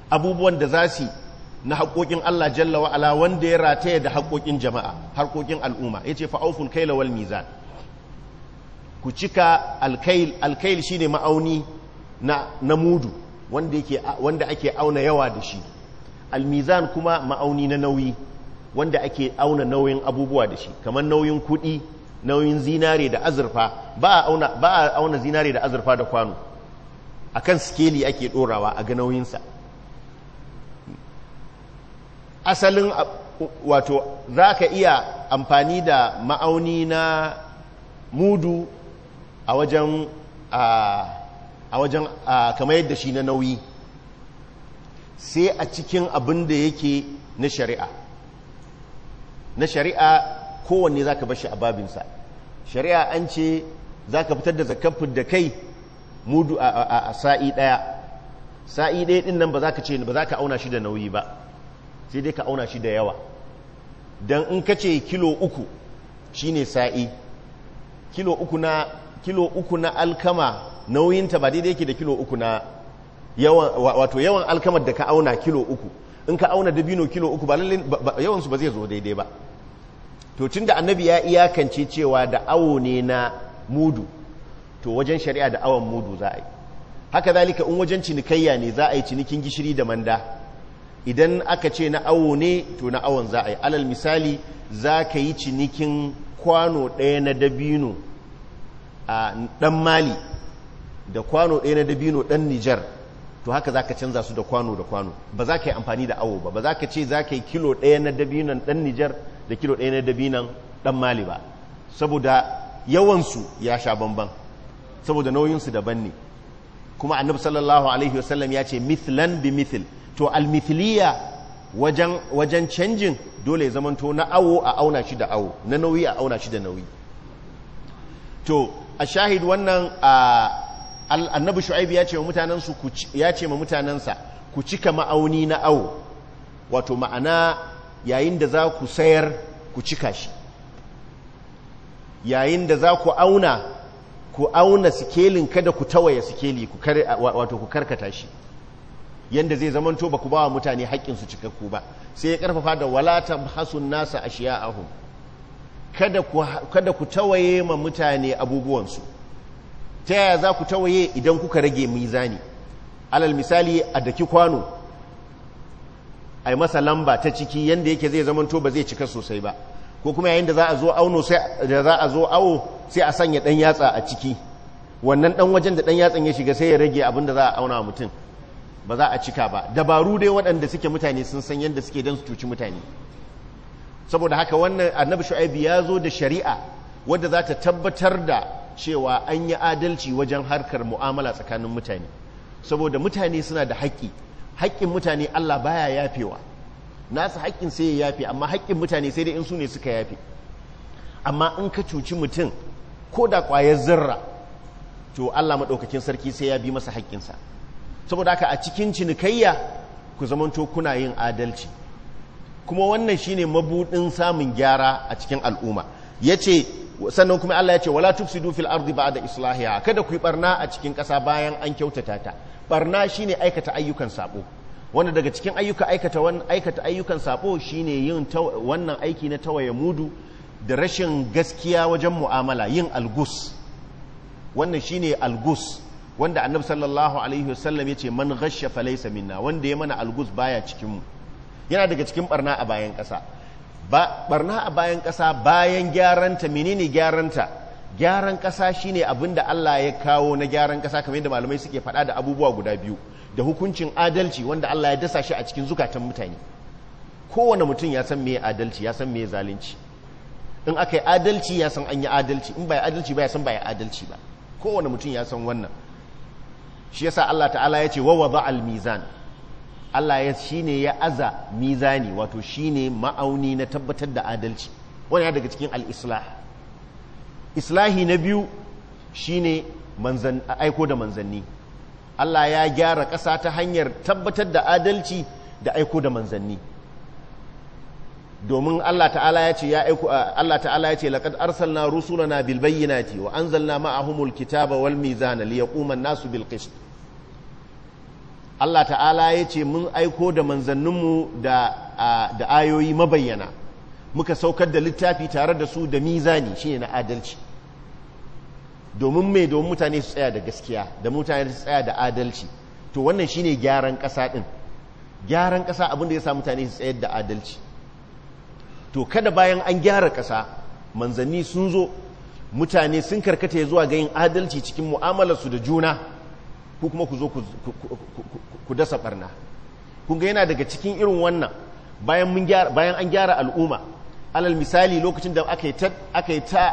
abubuwan da za su yi na haƙoƙin Allah jalla wa'ala wanda ya rataya da haƙoƙin jama'a harkokin al'umma ya ce fa'auful kaila wal mizan ku cika alkail alkail shine ma'auni na, na mudu wanda, yake, wanda ake auna yawa da shi almizan kuma ma'auni na nauyi wanda ake auna nauyin abubuwa da shi kamar nauyin kuɗi nauyin zinare da azurfa ba a auna, zinare da azurfa da kwano akan skeli ake ɗorawa a ga nauyinsa asalin wato za ka iya amfani da ma'auni na mudu a wajen a wajen kamar yadda shi na nauyi sai a cikin abin da yake na shari'a na shari'a kowanne za ka bashi a babinsa shari'a an ce za ka fitar da zakafin da kai mudu a sa'i ɗaya sa'i ɗaya ɗin nan ba za ka ce ba za ka auna shi da nauyi ba sai dai ka auna shi da yawa don in ka ce kilo uku shi ne sa'i kilo uku na kilo uku na alkama nauyinta ba daidai yake da kilo uku na yawan wato yawan alkamar da ka auna kilo uku in ka auna dabino kilo uku ba lalle yawansu ba zai zo daidai ba to tun da annabi ya iyakance cewa da awo ne na mudu to wajen shari'a da awon mudu za a yi haka zalika in wajen cinikayya ne za a yi cinikin gishiri da manda idan aka ce na awo ne to na awon za a yi alal misali za ka yi cinikin kwano ɗaya na dabino a ɗan mali da kwano ɗaya na dabino ɗan nijar to haka za ka canza su da kwano da kwano ba za ka yi amfani da awo ba ba za ka ce za ka yi kilo ɗaya na dabinon ɗan nijar da kilo ɗaya na dabinon ɗan mali ba saboda yawansu ya sha bamban saboda nauyinsu daban ne kuma annabi sallallahu alaihi wasallam ya ce mithlan bi mithl to almithiliya wajen wajen canjin dole ya zamanto na awo a auna shi da awo na nauyi a auna shi da nauyi to a shahid wannan annabi shu'aib ya ce wa mutanensu ya ce ma mutanensa ku cika ma'auni na awo wato ma'ana yayin da za ku sayar ku cika shi yayin da za ku auna ku auna sikelin kada ku tawaye sikeli wato ku karkata shi yanda zai zamanto ba ku ba wa mutane haƙƙinsu cikakku ba sai ya ƙarfafa da walata hasun nasa a shiya shiya'ahu kada ku tawaye ma mutane abubuwansu ta yaya za ku tawaye idan kuka rage mizani alal misali a daki kwano a masa lamba ta ciki yanda yake zai zamanto ba zai cika sosai ba ko kuma yayin da za a zo auno sai da za a zo awo sai a sanya ɗan yatsa a ciki wannan ɗan wajen da ɗan yatsan ya shiga sai ya rage abin da za a auna mutum ba za a cika ba dabaru dai waɗanda suke mutane sun san yadda suke don su cuci mutane saboda haka wannan annabi shuaibi ya zo da shari'a wadda za ta tabbatar da cewa an yi adalci wajen harkar mu'amala tsakanin mutane saboda mutane suna da haƙƙi haƙƙin mutane Allah baya yafewa nasu haƙƙin sai ya yafe amma haƙƙin mutane sai dai in su ne suka yafe amma in ka cuci mutum ko da ƙwayar zarra to Allah maɗaukakin sarki sai ya bi masa haƙƙinsa saboda haka a cikin cinikayya ku zamanto kuna yin adalci kuma wannan shine mabudin samun gyara a cikin al'umma yace sannan kuma Allah ya ce wala tufsidu fil ardi ba'da islahiha kada ku barna a cikin ƙasa bayan an kyautata ta barna shine aikata ayyukan sabo wanda daga cikin ayyuka aikata ayyukan sabo shine yin wannan aiki na tawaye mudu da rashin gaskiya wajen mu'amala yin algus wannan shine algus wanda annabi sallallahu alaihi wasallam ya ce man ghashya falaysa minna wanda ya mana algus baya cikin mu yana daga cikin barna a bayan ƙasa ba barna a bayan ƙasa bayan gyaranta menene gyaranta gyaran ƙasa shine abinda da Allah ya kawo na gyaran ƙasa kamar yadda malamai suke faɗa da abubuwa guda biyu da hukuncin adalci wanda Allah ya dasa shi a cikin zukatan mutane kowane mutum ya san meye adalci ya san meye zalunci in aka yi adalci ya san an yi adalci in ba ya adalci ba ya san bai adalci ba kowane mutum ya san wannan shi yasa Allah ta'ala ya ce wawadha al-mizan Allah ya shine ya aza mizani wato shine ma'auni na tabbatar da adalci wani ya daga cikin al-islah islahi na biyu shine manzan aiko da manzanni Allah ya gyara ƙasa ta hanyar tabbatar da adalci da aiko da manzanni domin Allah ta'ala ya ce ya aiku Allah ta'ala ya ce laqad arsalna rusulana bil bayyinati wa anzalna ma'ahumul kitaba wal mizana yaquma an-nasu bil qist Allah ta'ala ya ce mun aiko da manzanninmu da da ayoyi mabayyana muka saukar da littafi tare da su da mizani shine na adalci domin mai domin mutane su tsaya da gaskiya da mutane su tsaya da adalci to wannan shine gyaran ƙasa din gyaran ƙasa abinda ya sa mutane su tsayar da adalci to kada bayan an gyara ƙasa manzanni sun zo mutane sun karkata zuwa ga yin adalci cikin mu'amalarsu da juna ku kuma ku zo ku dasa barna Ku ga yana daga cikin irin wannan bayan an gyara al'umma alal misali lokacin da aka yi ta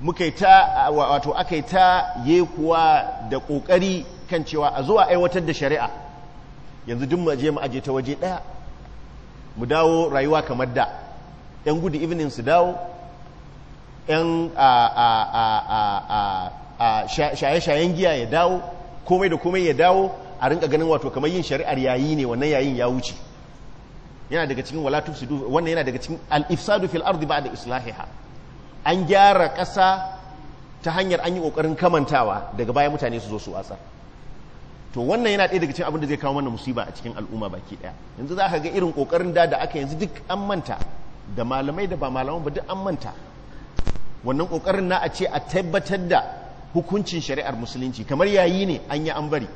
muka yi ta wato aka yi ta yekuwa da ƙoƙari kan cewa a zuwa aiwatar da shari'a yanzu duk maje je mu aje ta waje ɗaya mu dawo rayuwa kamar da 'yan gudu evening su dawo 'yan shaye-shayen giya ya dawo komai da komai ya dawo a rinka ganin wato kamar yin shari'ar yayi ne wannan yayin ya wuce yana daga cikin wala tufsidu wannan yana daga cikin al-ifsadu fil ardi ba'da islahiha an gyara ƙasa ta hanyar an yi ƙoƙarin kamantawa daga baya mutane su zo su wasa to wannan yana ɗaya daga cikin abin da zai kawo mana musiba a cikin al'umma baki ɗaya yanzu za ka ga irin ƙoƙarin da da aka yanzu duk an manta da malamai da ba malaman ba duk an manta wannan kokarin na a ce a tabbatar da hukuncin shari'ar musulunci kamar yayi ne an yi an bari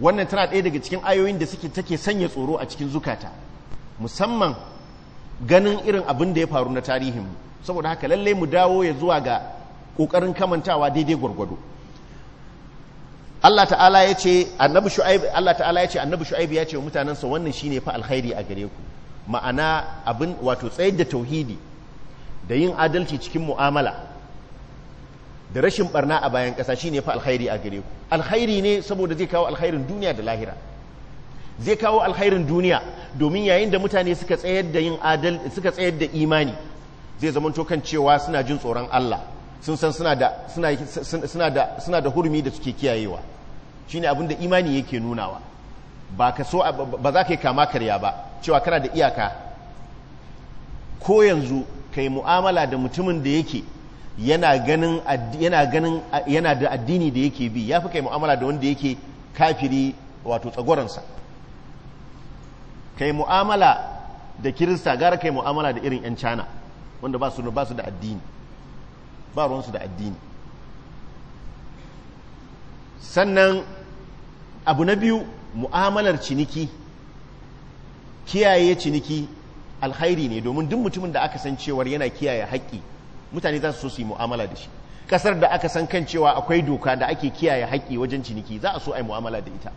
wannan tana ɗaya daga cikin ayoyin da suke take sanya tsoro a cikin zukata musamman ganin irin abin da ya faru na tarihin mu saboda haka lalle mu dawo ya zuwa ga kokarin kamantawa daidai gwargwado Allah ta'ala ya ce annabi shu'aib Allah ta'ala ya ce annabi shu'aib ya ce mutanansa wannan shine fa alkhairi a gare ku ma'ana abin wato tsayar da tauhidi da yin adalci cikin mu'amala da rashin barna a bayan ƙasa shi ne fa alkhairi a gare ku alkhairi ne saboda zai kawo alkhairin duniya da lahira zai kawo alkhairin duniya domin yayin da mutane suka tsayar da yin adal suka tsayar da imani zai zamanto kan cewa suna jin tsoron Allah sun san suna da suna da hurumi da suke kiyayewa shine abin da imani yake nunawa ba ka so ba za ka yi kama karya ba cewa kana da iyaka ko yanzu ka yi mu'amala da mutumin da yake yana yana ganin yana da addini da yake bi ya fi kai mu'amala da wanda yake kafiri wato tsagoransa kai mu'amala da kirista gara kai mu'amala da irin 'yan cana wanda ba su ba su da addini ba ruwansu da addini sannan abu na biyu mu'amalar ciniki kiyaye ciniki alkhairi ne domin duk mutumin da aka san cewar yana kiyaye haƙƙi mutane za su so su yi mu'amala da shi ƙasar da aka san kan cewa akwai doka da ake kiyaye haƙƙi wajen ciniki za a so a yi mu'amala da ita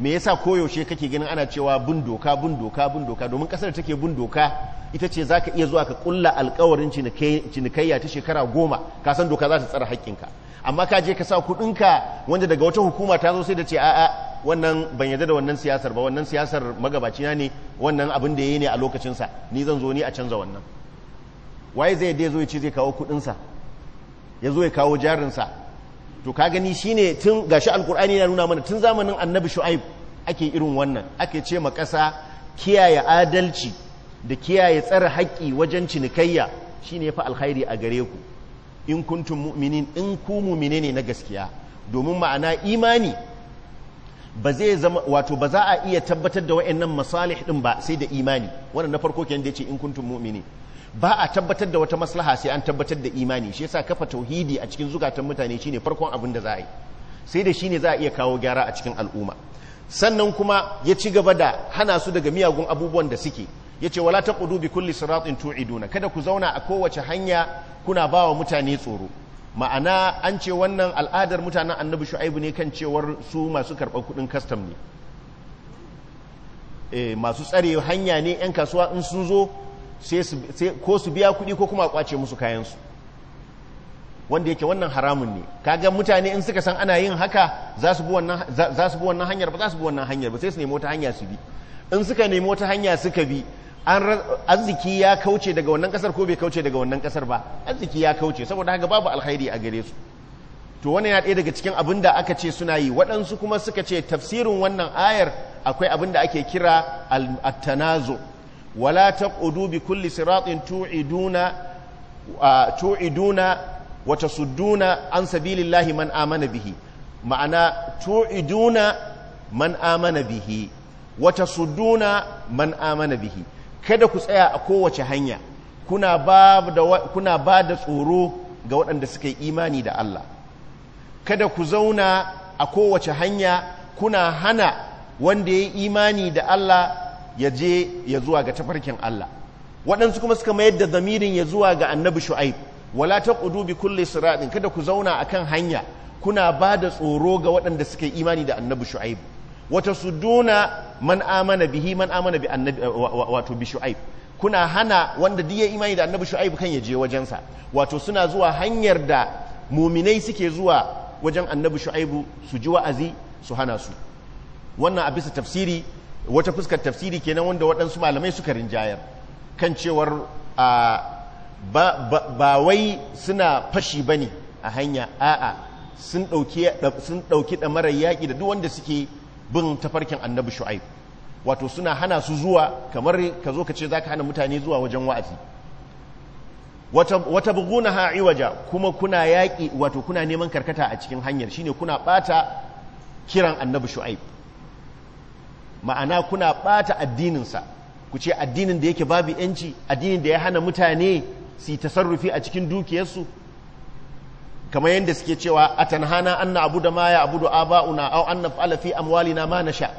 me yasa koyaushe kake ganin ana cewa bin doka bin doka bin doka domin kasar take bin doka ita ce za ka iya zuwa ka kulla alkawarin cinikayya ta shekara goma ka san doka za ta tsara haƙƙinka amma ka je ka sa kuɗinka wanda daga wata hukuma ta zo sai da ce a'a wannan ban yarda da wannan siyasar ba wannan siyasar magabacina ne wannan abin da ya yi ne a lokacinsa ni zan zo ni a canza wannan waye zai yarda zo ya ce zai kawo kuɗinsa ya zo ya kawo jarinsa to ka gani shine tun gashi alkur'ani ya nuna mana tun zamanin annabi shu'aib ake irin wannan ake ce ma ƙasa kiyaye adalci da kiyaye tsare haƙƙi wajen cinikayya shine fa alkhairi a gare ku in kuntum mu'minin in ku mu'mine ne na gaskiya domin ma'ana imani ba zai zama wato ba za a iya tabbatar da wa'annan masalih ɗin ba sai da imani wannan na farko kenan da yace in kuntum mu'mini. ba a tabbatar da wata maslaha sai an tabbatar da imani shi yasa kafa tauhidi a cikin zukatan mutane shine farkon abin da za a yi sai da shine za a iya kawo gyara a cikin al'umma sannan kuma ya ci gaba da hana su daga miyagun abubuwan da suke ya ce wala ta bi kulli siratin tu'iduna kada ku zauna a kowace hanya kuna ba wa mutane tsoro ma'ana an ce wannan al'adar mutanen annabi shu'aibu ne kan cewar su masu karɓar kuɗin kastam ne eh, masu tsare hanya ne 'yan kasuwa in sun zo ko su biya kuɗi ko kuma kwace musu kayansu wanda yake wannan haramun ne kaga mutane in suka san ana yin haka za su bi wannan hanyar ba za su bi wannan hanyar ba sai su nemi wata hanya su bi in suka nemi wata hanya suka bi arziki ya kauce daga wannan kasar ko bai kauce daga wannan kasar ba arziki ya kauce saboda haka babu alkhairi a gare su to wannan ya ɗaya daga cikin abin da aka ce suna yi waɗansu kuma suka ce tafsirin wannan ayar akwai abin da ake kira al-tanazo wala تقعدوا بكل kulli توعدون توعدون tu'iduna عن سبيل an من man amana bihi ma'ana من man amana وتصدون من tasudduna man kada ku tsaya a kowace hanya kuna ba da kuna ba da tsoro ga waɗanda suka yi imani da Allah kada ku zauna a kowace hanya kuna hana wanda ya yi imani da Allah ya je ya zuwa ga tafarkin Allah waɗansu kuma suka mayar da zamirin ya zuwa ga annabi shu'aib wala ta bi kulle siratin kada ku zauna akan hanya kuna ba da tsoro ga waɗanda suka yi imani da annabi shu'aib wata suduna man amana bihi man amana bi annabi eh, wato bi shu'aib kuna hana wanda duk ya imani da annabi shu'aib kan ya je wajensa wato suna zuwa hanyar da muminai suke zuwa wajen annabi shu'aibu su ji wa'azi su hana su wannan a bisa tafsiri wata fuskar tafsiri kenan wanda waɗansu malamai suka rinjayar kan cewar ba wai suna fashi ba ne a hanya a'a sun ɗauki ɗamarar yaƙi da duk wanda suke bin tafarkin annabi shu'aib wato suna hana su zuwa kamar ka zo ka ce za ka hana mutane zuwa wajen wa'azi wata buguna ha'i waje kuma kuna yaƙi wato kuna neman karkata a cikin hanyar shine kuna ɓata kiran annabi shu'aib ma'ana kuna ɓata addininsa ku ce addinin da yake babu yanci addinin da ya hana mutane su tasarrufi a cikin dukiyarsu kamar yadda suke cewa a tanhana an na abu da ma ya abu da aba'una au an na a fi amwalina ma na sha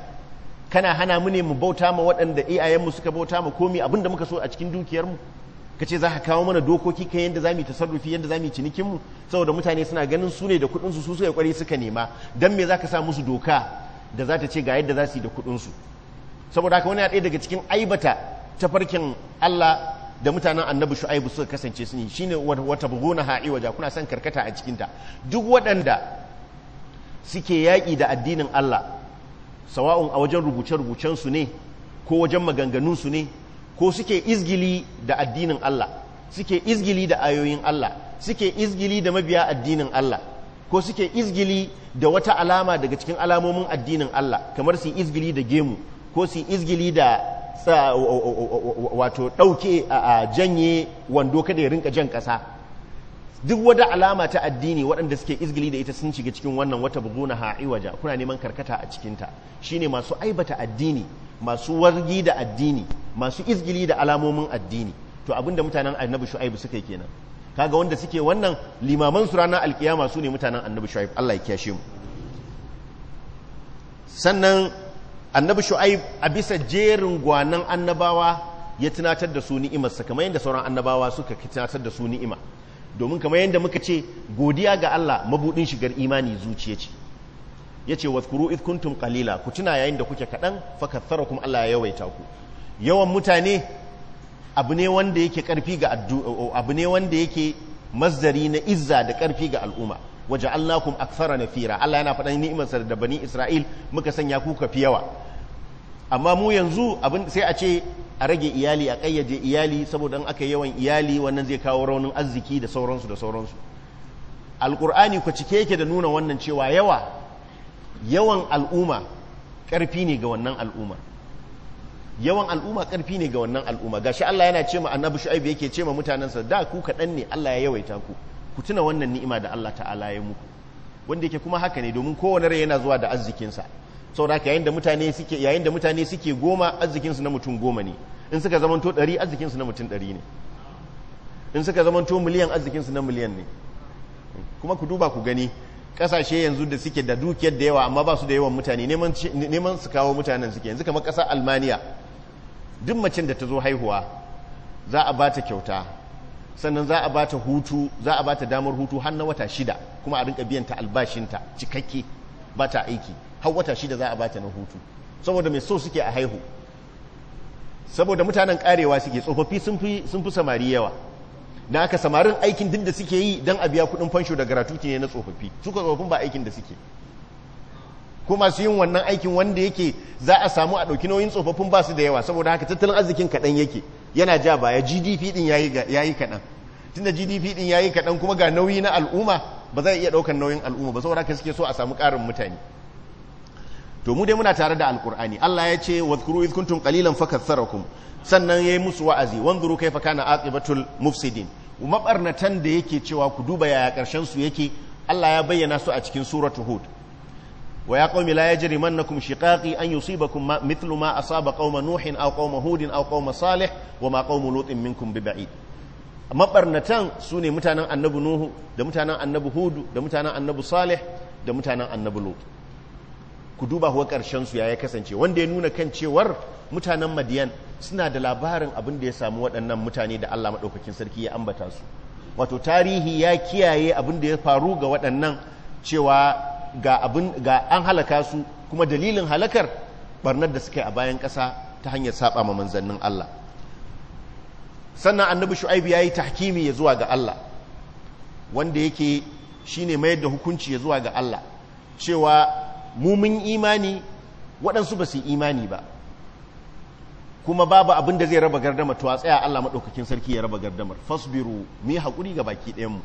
kana hana mu ne mu bauta ma waɗanda iyayenmu suka bauta ma komi da muka so a cikin dukiyarmu ka ce za ka kawo mana dokoki kan yadda za mu yi tasarrufi yadda za mu cinikinmu saboda mutane suna ganin su ne da kuɗinsu su suka kwari suka nema don me za ka sa musu doka da za ta ce ga yadda za su yi da kudinsu saboda haka wani ɗaya daga cikin aibata tafarkin Allah da mutanen annabi shu'aibu suka kasance su ne shine wata bugona ha'i waje kuna son karkata a cikinta duk waɗanda suke yaƙi da addinin Allah sawa'un a wajen rubuce-rubucen su ne ko wajen maganganun su ne ko suke izgili da addinin Allah suke izgili da ayoyin Allah suke izgili da mabiya addinin Allah ko suke izgili da wata alama daga cikin alamomin addinin Allah kamar su izgili da gemu ko su izgili da wato ɗauke a janye wando kada ya rinka jan ƙasa duk wata alama ta addini waɗanda suke izgili da ita sun shiga cikin wannan wata buguna waje. kuna neman karkata a cikinta shine masu aibata addini masu wargi da addini masu izgili da alamomin addini to abinda mutanen annabi shu'aibu suka yi kenan kaga wanda suke wannan limaman su ranar alkiyama su ne mutanen annabi shu'aib Allah ya kiyashe mu sannan annabi shu'aib a bisa jerin gwanan annabawa ya tunatar da su ni'imarsa kamar yadda sauran annabawa suka tunatar da su ni'ima domin kamar yadda muka ce godiya ga Allah mabudin shigar imani zuciya ce yace wazkuru id kuntum qalila ku tuna yayin da kuke kaɗan fa kaththarakum Allah ya yawaita ku yawan mutane abu ne wanda yake karfi ga abu ne wanda yake mazdari na izza da karfi ga al'umma waje kuma aksara na fira Allah yana faɗan ni'imarsa da bani Isra'il muka sanya ku ka fi yawa amma mu yanzu abin sai a ce a rage iyali a ƙayyade iyali saboda an aka yawan iyali wannan zai kawo raunin arziki da sauransu da sauransu alƙur'ani ku cike yake da nuna wannan cewa yawa yawan al'umma ƙarfi ne ga wannan al'umma yawan al'umma karfi ne ga wannan al'umma gashi Allah yana ce ma annabi shu'aib yake ce ma mutanansa da ku kaɗan ne Allah ya yawaita ku ku tuna wannan ni'ima da Allah ta'ala ya muku wanda yake kuma haka ne domin kowane rai yana zuwa da arzikinsa saboda haka yayin da mutane suke yayin da mutane suke goma arzikinsu na mutum goma ne in suka zamanto ɗari arzikinsu na mutum ɗari ne in suka to miliyan arzikinsu na miliyan ne kuma ku duba ku gani kasashe yanzu da suke da dukiyar da yawa amma ba su da yawan mutane neman su kawo mutanen suke yanzu kamar kasar almaniya duk macen da ta zo haihuwa za a ba ta kyauta sannan za a ba ta hutu za a ba ta damar hutu har na wata shida kuma a rinka biyan ta albashinta cikakke ba ta aiki har wata shida za a ba ta na hutu saboda mai so suke a haihu saboda mutanen karewa suke tsofaffi sun fi samari yawa da aka samarin aikin din da suke yi don a biya kuɗin fansho da gratuity ne na tsofaffi suka tsofaffin ba aikin da suke ko masu yin wannan aikin wanda yake za a samu a ɗauki nauyin tsofaffin ba su da yawa saboda haka tattalin arzikin kaɗan yake yana ja baya gdp ɗin ya yi kaɗan tunda gdp ɗin ya yi kaɗan kuma ga nauyi na al'umma ba zai iya ɗaukar nauyin al'umma ba saboda haka suke so a samu ƙarin mutane to mu dai muna tare da alƙur'ani Allah ya ce wadhkuru kuntun kuntum qalilan sarakun sannan yayi musu wa'azi wanzuru kaifa kana aqibatul mufsidin mabarnatan da yake cewa ku duba yaya karshen su yake Allah ya bayyana su a cikin suratul hud wa ya qaumi la kuma shiqaqi an yusibakum mithlu ma saba qauma nuhin aw qauma hudin aw qauma salih wa ma qaumu lutin minkum biba'id mabarnatan sune mutanen annabi nuhu da mutanen annabi hudu da mutanen annabi salih da mutanen annabi ku duba huwa ƙarshen su ya kasance wanda ya nuna kan cewar mutanen madiyan suna da labarin abin da ya samu waɗannan mutane da Allah maɗaukakin sarki ya ambata su wato tarihi ya kiyaye abin da ya faru ga waɗannan cewa ga abin ga an halaka su kuma dalilin halakar barnar da suke a bayan ƙasa ta hanyar saba ma manzannin Allah sannan annabi shu'aibu yayi tahkimi ya zuwa ga Allah wanda yake shine mayar da hukunci ya zuwa ga Allah cewa mu mun imani waɗansu ba su imani ba kuma babu abin da zai raba gardamar to a tsaya Allah madaukakin sarki ya raba gardamar fasbiru mu yi haƙuri ga baki ɗayan mu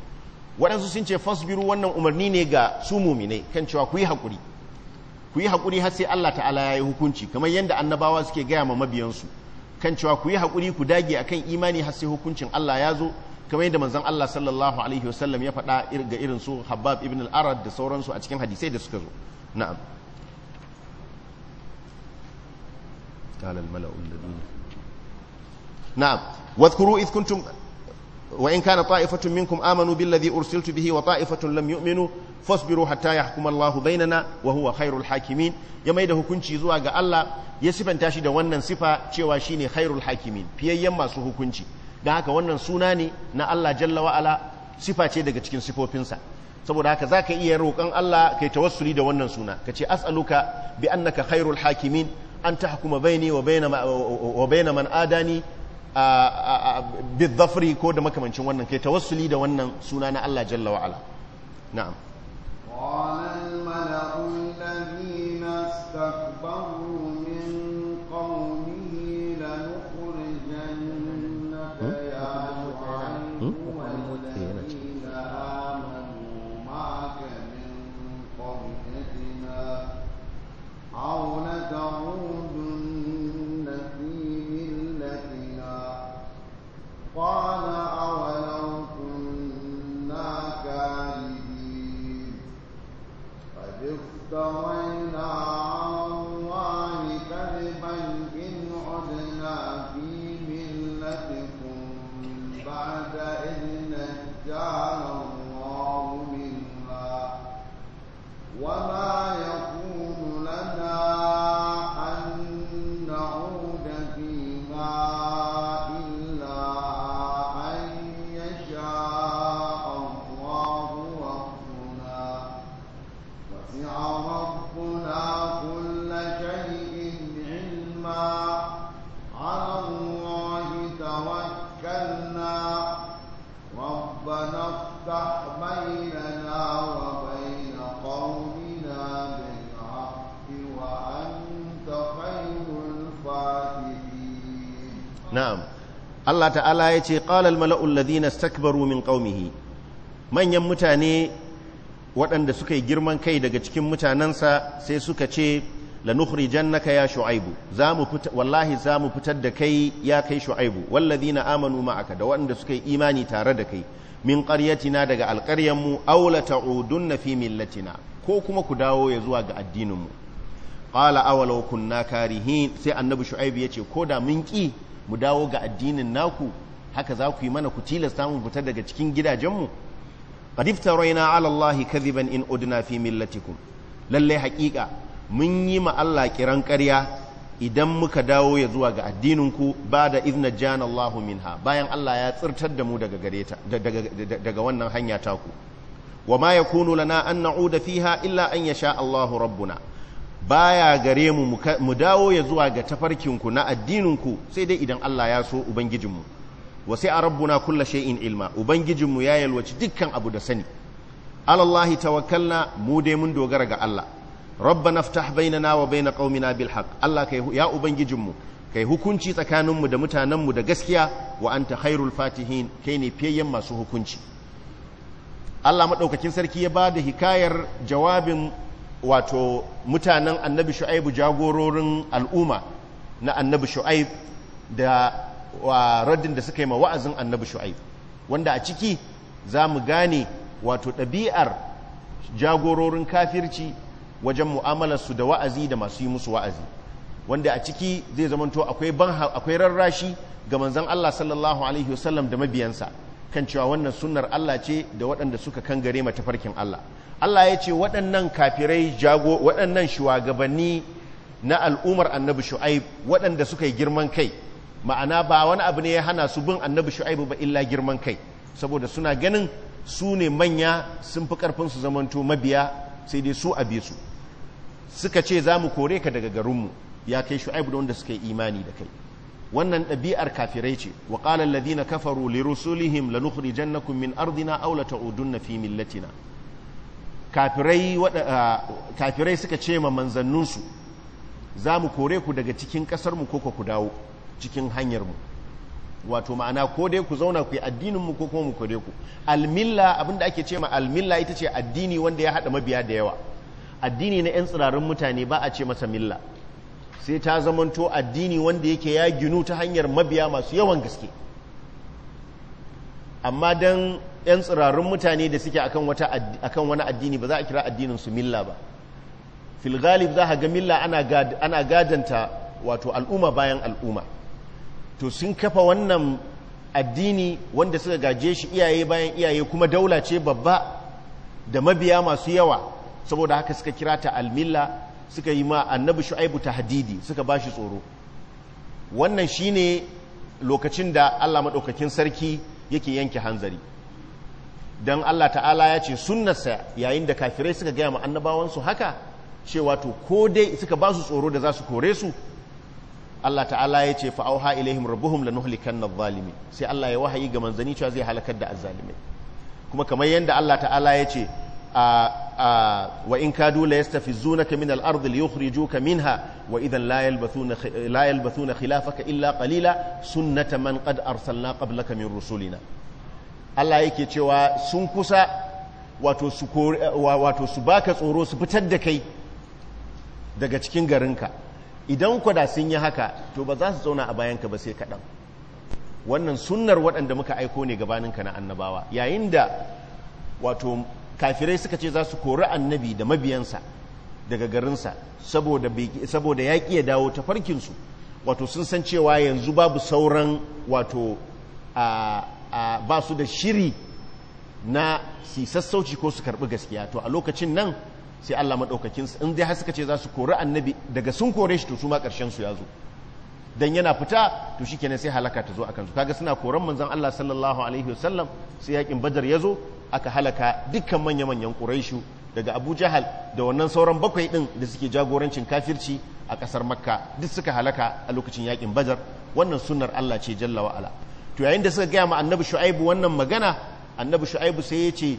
waɗansu sun ce fasbiru wannan umarni ne ga su muminai kan cewa ku yi haƙuri ku yi haƙuri har sai Allah ta'ala ya yi hukunci kamar yadda annabawa suke gaya ma mabiyansu kan cewa ku yi haƙuri ku dage a kan imani har sai hukuncin Allah ya zo kamar yadda manzon Allah sallallahu alaihi wasallam ya faɗa ga irin su habab ibn al-Arad da sauransu a cikin hadisai da suka zo na'am قال الملأ الذين نعم wa na kana ta'ifatun minkum amanu billadhi ursiltu bihi wa ta'ifatun lam yu'minu fasbiru hatta yahkuma Allahu bainana wa huwa khairul hakimin ya maida hukunci zuwa ga Allah ya sifanta shi da wannan sifa cewa shine khairul hakimin fiyayyen masu hukunci dan haka wannan suna ne na Allah jalla wa'ala sifa ce daga cikin sifofinsa saboda haka zaka iya roƙon Allah kai tawassuli da wannan suna kace as'aluka bi annaka khairul hakimin an tahkuma baini wa baina wa adani bidzafri ko da makamancin wannan kai tawassuli da wannan suna na Allah jalla wa ala na'am قال الملأ الذين استكبروا من قوم Allah ta'ala ya ce ƙalal mala'ul ladina stakbaru min ƙaumihi manyan mutane waɗanda suka yi girman kai daga cikin mutanensa sai suka ce lanukhri jannaka ya shu'aibu wallahi za mu fitar da kai ya kai shu'aibu walladina amanu ma'aka da waɗanda suka yi imani tare da kai min ƙaryatina daga alƙaryanmu aula na fi millatina ko kuma ku dawo ya zuwa ga addininmu ƙala awalau kunna karihin sai annabi shu'aibu yace ko da mun ƙi. mu dawo ga addinin naku haka za ku yi mana ku tilasta mu fita daga cikin gidajenmu qad raina ala allahi kadhiban in udna fi millatikum lalle haƙiƙa mun yi ma Allah kiran ƙarya idan muka dawo ya zuwa ga addininku ba da izna jana Allahu minha bayan Allah ya tsirtar da mu daga gare daga wannan hanya taku wa ma yakunu lana an na'uda fiha illa an yasha Allahu rabbuna baya gare mu mu dawo ya zuwa ga tafarkinku na addininku sai dai idan Allah ya so ubangijinmu wa sai a rabbuna kulla shay'in ilma ubangijinmu ya yalwaci dukkan abu da sani alallahi tawakkalna mu dai mun dogara ga Allah rabbana ftah bainana wa bain qaumina bil haqq Allah kai ya ubangijinmu kai hukunci tsakaninmu da mutanenmu da gaskiya wa anta khairul fatihin kai ne fiyayyen masu hukunci Allah madaukakin sarki ya bada hikayar jawabin wato mutanen annabi shu'aibu jagororin al'umma na annabi shu'aib da raddin da suka yi ma wa'azin annabi shu'aib wanda a ciki za mu gane wato ɗabi'ar jagororin kafirci wajen mu'amalarsu da wa'azi da masu yi musu wa'azi wanda a ciki zai zamanto akwai rarrashi ga manzan Allah sallallahu alaihi wasallam da mabiyansa kan cewa wannan sunnar Allah ce da waɗanda suka kangare mata farkin Allah Allah ya ce waɗannan kafirai jago waɗannan shugabanni na al'umar annabi shu'aib waɗanda suka yi girman kai ma'ana ba wani abu ne ya hana su bin annabi shu'aib ba illa girman kai saboda suna ganin su ne manya sun fi ƙarfin su zamanto mabiya sai dai su abe su suka ce za mu kore ka daga garinmu ya kai shu'aib da wanda suka yi imani da kai wannan ɗabi'ar kafirai ce wa qala alladhina kafaru li rusulihim lanukhrijannakum min ardina aw la ta'udunna fi millatina kafirai suka ce ma manzanninsu za mu kore ku daga cikin ƙasarmu ko ku dawo cikin hanyarmu wato ma'ana ko dai ku zauna ku yi addininmu ko kuma mu kore ku almilla abinda ake ce ma almilla ita ce addini wanda ya haɗa mabiya da yawa addini na 'yan tsirarin mutane ba a ce masa milla sai ta zamanto addini wanda yake ya ginu ta hanyar mabiya masu yawan gaske amma don 'yan tsirarun mutane da suke akan wani addini ba za a kira addinin su milla ba filgalib za a ga milla ana gadanta wato al'umma bayan al'umma to sun kafa wannan addini wanda suka gaje shi iyaye bayan iyaye kuma daula ce babba da mabiya masu yawa saboda haka suka kira ta almilla suka yi ma annabi shu'aibu hadidi suka ba shi tsoro wannan shine lokacin da Allah madaukakin sarki yake yanke hanzari don Allah ta'ala ya ce sunnarsa yayin da kafirai suka gaya ma annabawansu haka cewa to ko dai suka ba su tsoro da za su kore su Allah ta'ala ya ce fa'auha ilaihim rabbuhum lanuhlikanna adh-dhalimin sai Allah ya wahayi ga manzani cewa zai halakar da azzalimai kuma kamar yadda Allah ta'ala ya ce wa in kadu la yastafizunaka min al-ard liyukhrijuka minha wa idan la yalbathuna la yalbathuna khilafaka illa qalila sunnata man qad arsalna qablaka min rusulina Allah yake cewa sun kusa wato su ba ka baka tsoro su fitar da kai daga cikin garinka idan kwada sun yi haka to ba za su zauna a bayanka ba sai kaɗan wannan sunnar waɗanda muka aiko ne gabaninka na annabawa yayin da wato kafirai suka ce za su kori annabi da mabiyansa daga garinsa saboda yaƙi ya dawo ta farkinsu wato sun san cewa yanzu babu sauran wato ba su da shiri na si sassauci ko su karbi gaskiya to a lokacin nan sai Allah su in dai har suka ce za su kori annabi daga sun kore shi to su ma ƙarshen su ya zo dan yana fita to shikenan sai halaka ta zo akan su kaga suna koran manzon Allah sallallahu alaihi wasallam sai yakin badar ya zo aka halaka dukkan manya manyan quraishu daga Abu Jahal da wannan sauran bakwai din da suke jagorancin kafirci a kasar Makka duk suka halaka a lokacin yakin badar wannan sunnar Allah ce jalla wa ala to yayin da suka gaya ma annabi shu'aibu wannan magana annabi shu'aibu sai ya ce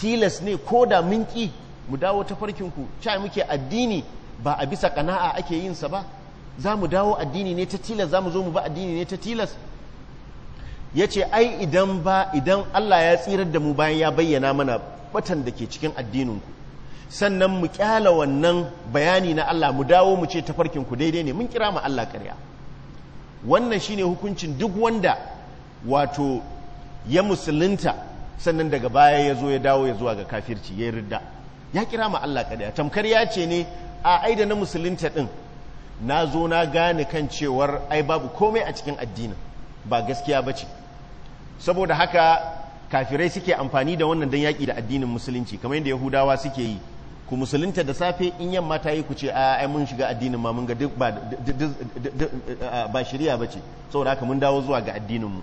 tilas ne ko da mun ki mu dawo ta farkinku cewa muke addini ba a bisa kana'a ake yin sa ba za mu dawo addini ne ta tilas za mu zo mu ba addini ne ta tilas ya ce ai idan ba idan Allah ya tsirar da mu bayan ya bayyana mana batan da ke cikin addininku sannan mu kyala wannan bayani na Allah mu dawo mu ce ta farkinku daidai ne mun kira mu Allah karya wannan shine hukuncin duk wanda wato ya musulunta sannan daga baya ya zo ya dawo ya zuwa ga kafirci ya ridda ya kira ma Allah kadaya tamkar ya ce ne a aida na musulunta ɗin na zo na gane kan cewar ai babu komai a cikin addinin ba gaskiya ba ce saboda haka kafirai suke amfani da wannan don yaƙi da addinin musulunci kamar yadda yahudawa suke yi ku musulunta da safe in yamma ta yi ku ce a ai mun shiga addinin ma mun ga duk ba shirya ba ce saboda haka mun dawo zuwa ga mu.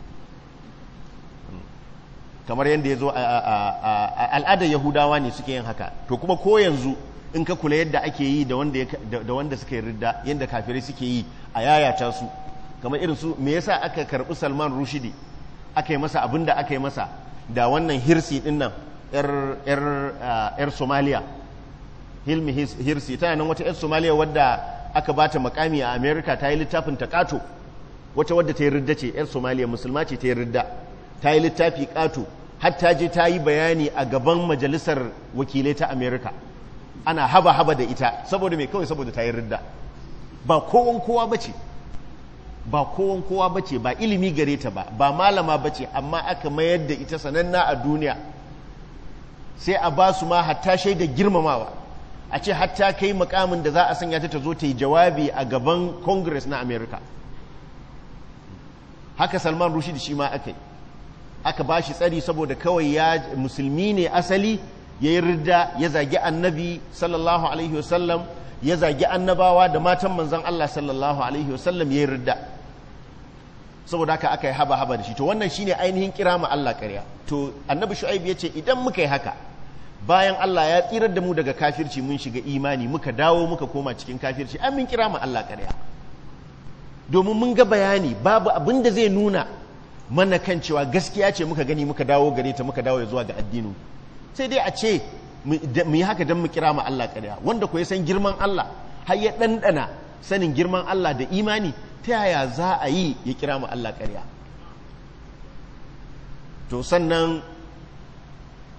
kamar yadda ya zo a al'adar yahudawa ne suke yin haka to kuma ko yanzu in ka kula yadda ake yi da wanda suka yi ridda yadda kafirai suke yi a yayata su kamar irin su me yasa aka karbi salman rushidi aka yi masa abin da aka yi masa da wannan hirsi din nan yar somaliya hilmi hirsi ta nan wata yar somaliya wadda aka ba ta makami a america ta yi littafin takato wata wadda ta yi ridda ce yar somaliya musulma ce ta yi ridda ta yi littafi ƙato hatta je ta yi bayani a gaban majalisar wakilai ta america ana haba-haba da ita saboda mai kawai saboda ta yi ridda ba kowan kowa ba ce ba kowan kowa ba ce ba ilimi gare ta ba ba malama ba ce amma aka mayar da ita sananna a duniya sai a ba su ma hatta da girmamawa a ce hatta kai makamin da za a sanya ta ta zo ta yi jawabi a gaban congress na america haka salman rushdie shi ma aka yi aka ba shi tsari saboda kawai ya musulmi ne asali ya yi ridda ya zagi annabi sallallahu alaihi wasallam ya zagi annabawa da matan manzan Allah sallallahu alaihi wasallam ya yi ridda saboda haka aka yi haba haba da shi to wannan shine ainihin kira ma Allah ƙarya to annabi shu'aib ya ce idan muka yi haka bayan Allah ya tsirar da mu daga kafirci mun shiga imani muka dawo muka koma cikin kafirci an min kira ma Allah ƙarya domin mun ga bayani babu abin da zai nuna mana kan cewa gaskiya ce muka gani muka dawo gare ta muka dawo zuwa ga addinu sai dai a ce mu yi haka don mu kira mu Allah ƙarya wanda ku ya san girman Allah har ya ɗanɗana sanin girman Allah da imani ta yaya za a yi ya kira mu Allah ƙarya to sannan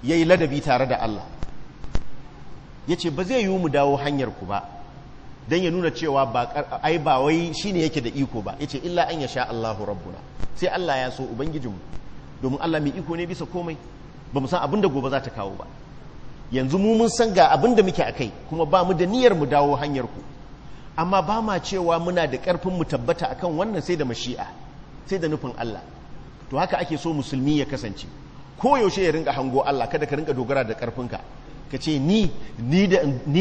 ya yi ladabi tare da Allah ya ce ba zai yi mu dawo hanyar ku ba Don ya nuna cewa ba ai ba wai shine yake da iko ba ce illa an ya sha Allahu rabbuna sai Allah ya so ubangijinmu domin Allah mai iko ne bisa komai ba mu san abin da gobe za ta kawo ba yanzu mu mun san ga abin da muke a kai kuma ba mu da niyyar mu dawo hanyar ku amma ba ma cewa muna da karfin mu tabbata akan wannan sai da mashi'a sai da nufin Allah to haka ake so musulmi ya kasance ko yaushe ya ringa hango Allah kada ka ringa dogara da karfinka ka ce ni ni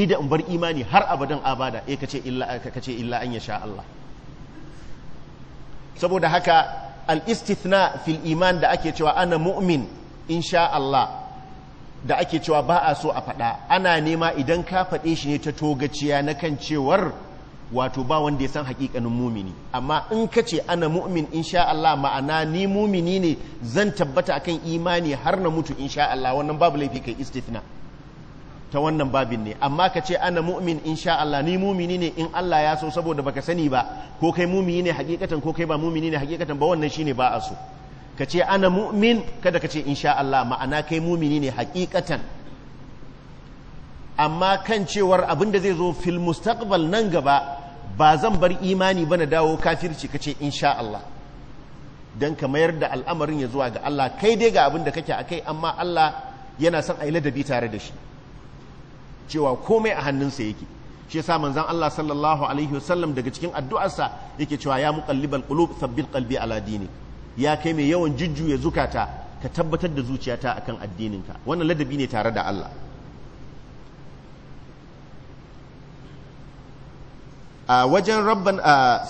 da in bar imani har abadan abada eh ka illa ka ce illa an sha Allah saboda haka al-istithna fil iman da ake cewa ana mu'min insha Allah da ake cewa ba a so a faɗa ana nema idan ka faɗe shi ne ta togaciya na kan cewar wato ba wanda ya san hakikanin mumini amma in ka ce ana mu'min insha Allah ma'ana ni mumini ne zan tabbata akan imani har na mutu insha Allah wannan babu laifi kai istithna ta wannan babin ne amma ka ce ana mu'min insha Allah ni mumini ne in Allah ya so saboda baka sani ba ko kai mumini ne hakikatan ko kai ba mumini ne hakikatan ba wannan shine ba a so ka ce ana mu'min kada ka ce insha Allah ma'ana kai mumini ne hakikatan amma kan cewar abin da zai zo fil mustaqbal nan gaba ba zan bar imani ba na dawo kafirci kace insha Allah dan ka mayar da al'amarin ya zuwa ga Allah kai dai ga abin da kake akai amma Allah yana son a yi ladabi tare da shi cewa komai a hannunsa yake shi yasa manzon Allah sallallahu alaihi wasallam daga cikin addu'arsa yake cewa ya muqallibal qulub thabbil qalbi ala dinik ya kai mai yawan jujjuya zukata ka tabbatar da zuciyata akan addininka wannan ladabi ne tare da Allah a wajen rabban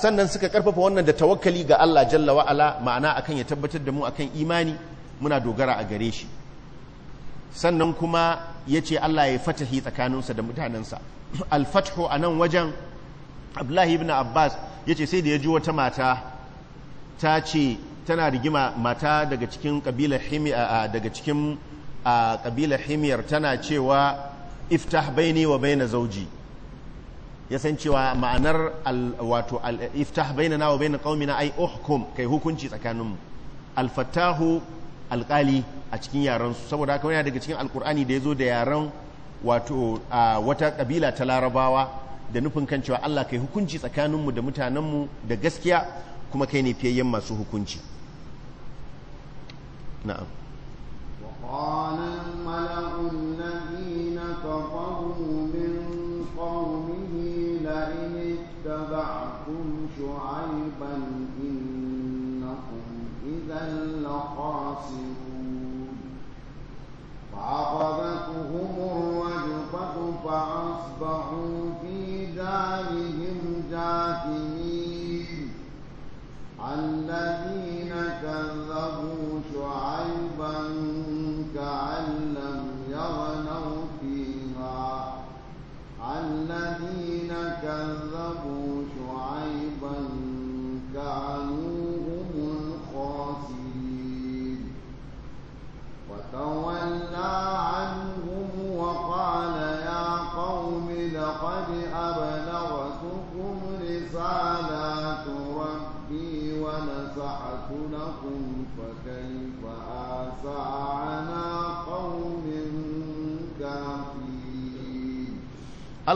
sannan suka karfafa wannan da tawakkali ga Allah jalla wa'ala ma'ana akan ya tabbatar da mu akan imani muna dogara a gare shi sannan kuma ya ce Allah ya fatahi tsakaninsa da mutanensa alfatho a nan wajen abdullahi ibn abbas ya ce sai da ya ji wata mata ta ce tana rigima mata daga cikin kabilar himiyar daga cikin tana cewa iftah baini wa baina zauji ya san cewa ma'anar wato iftah baina na wa baina qaumina ai uhkum kai hukunci tsakaninmu alfatahu alkali a cikin yaran su saboda haka wani daga cikin alkur'ani da ya zo da yaran wato a wata kabila ta larabawa da nufin kan cewa Allah kai hukunci tsakaninmu da mutanenmu da gaskiya kuma kai ne fiyayyen masu hukunci na'am وقال الملأ الذين كفروا إذا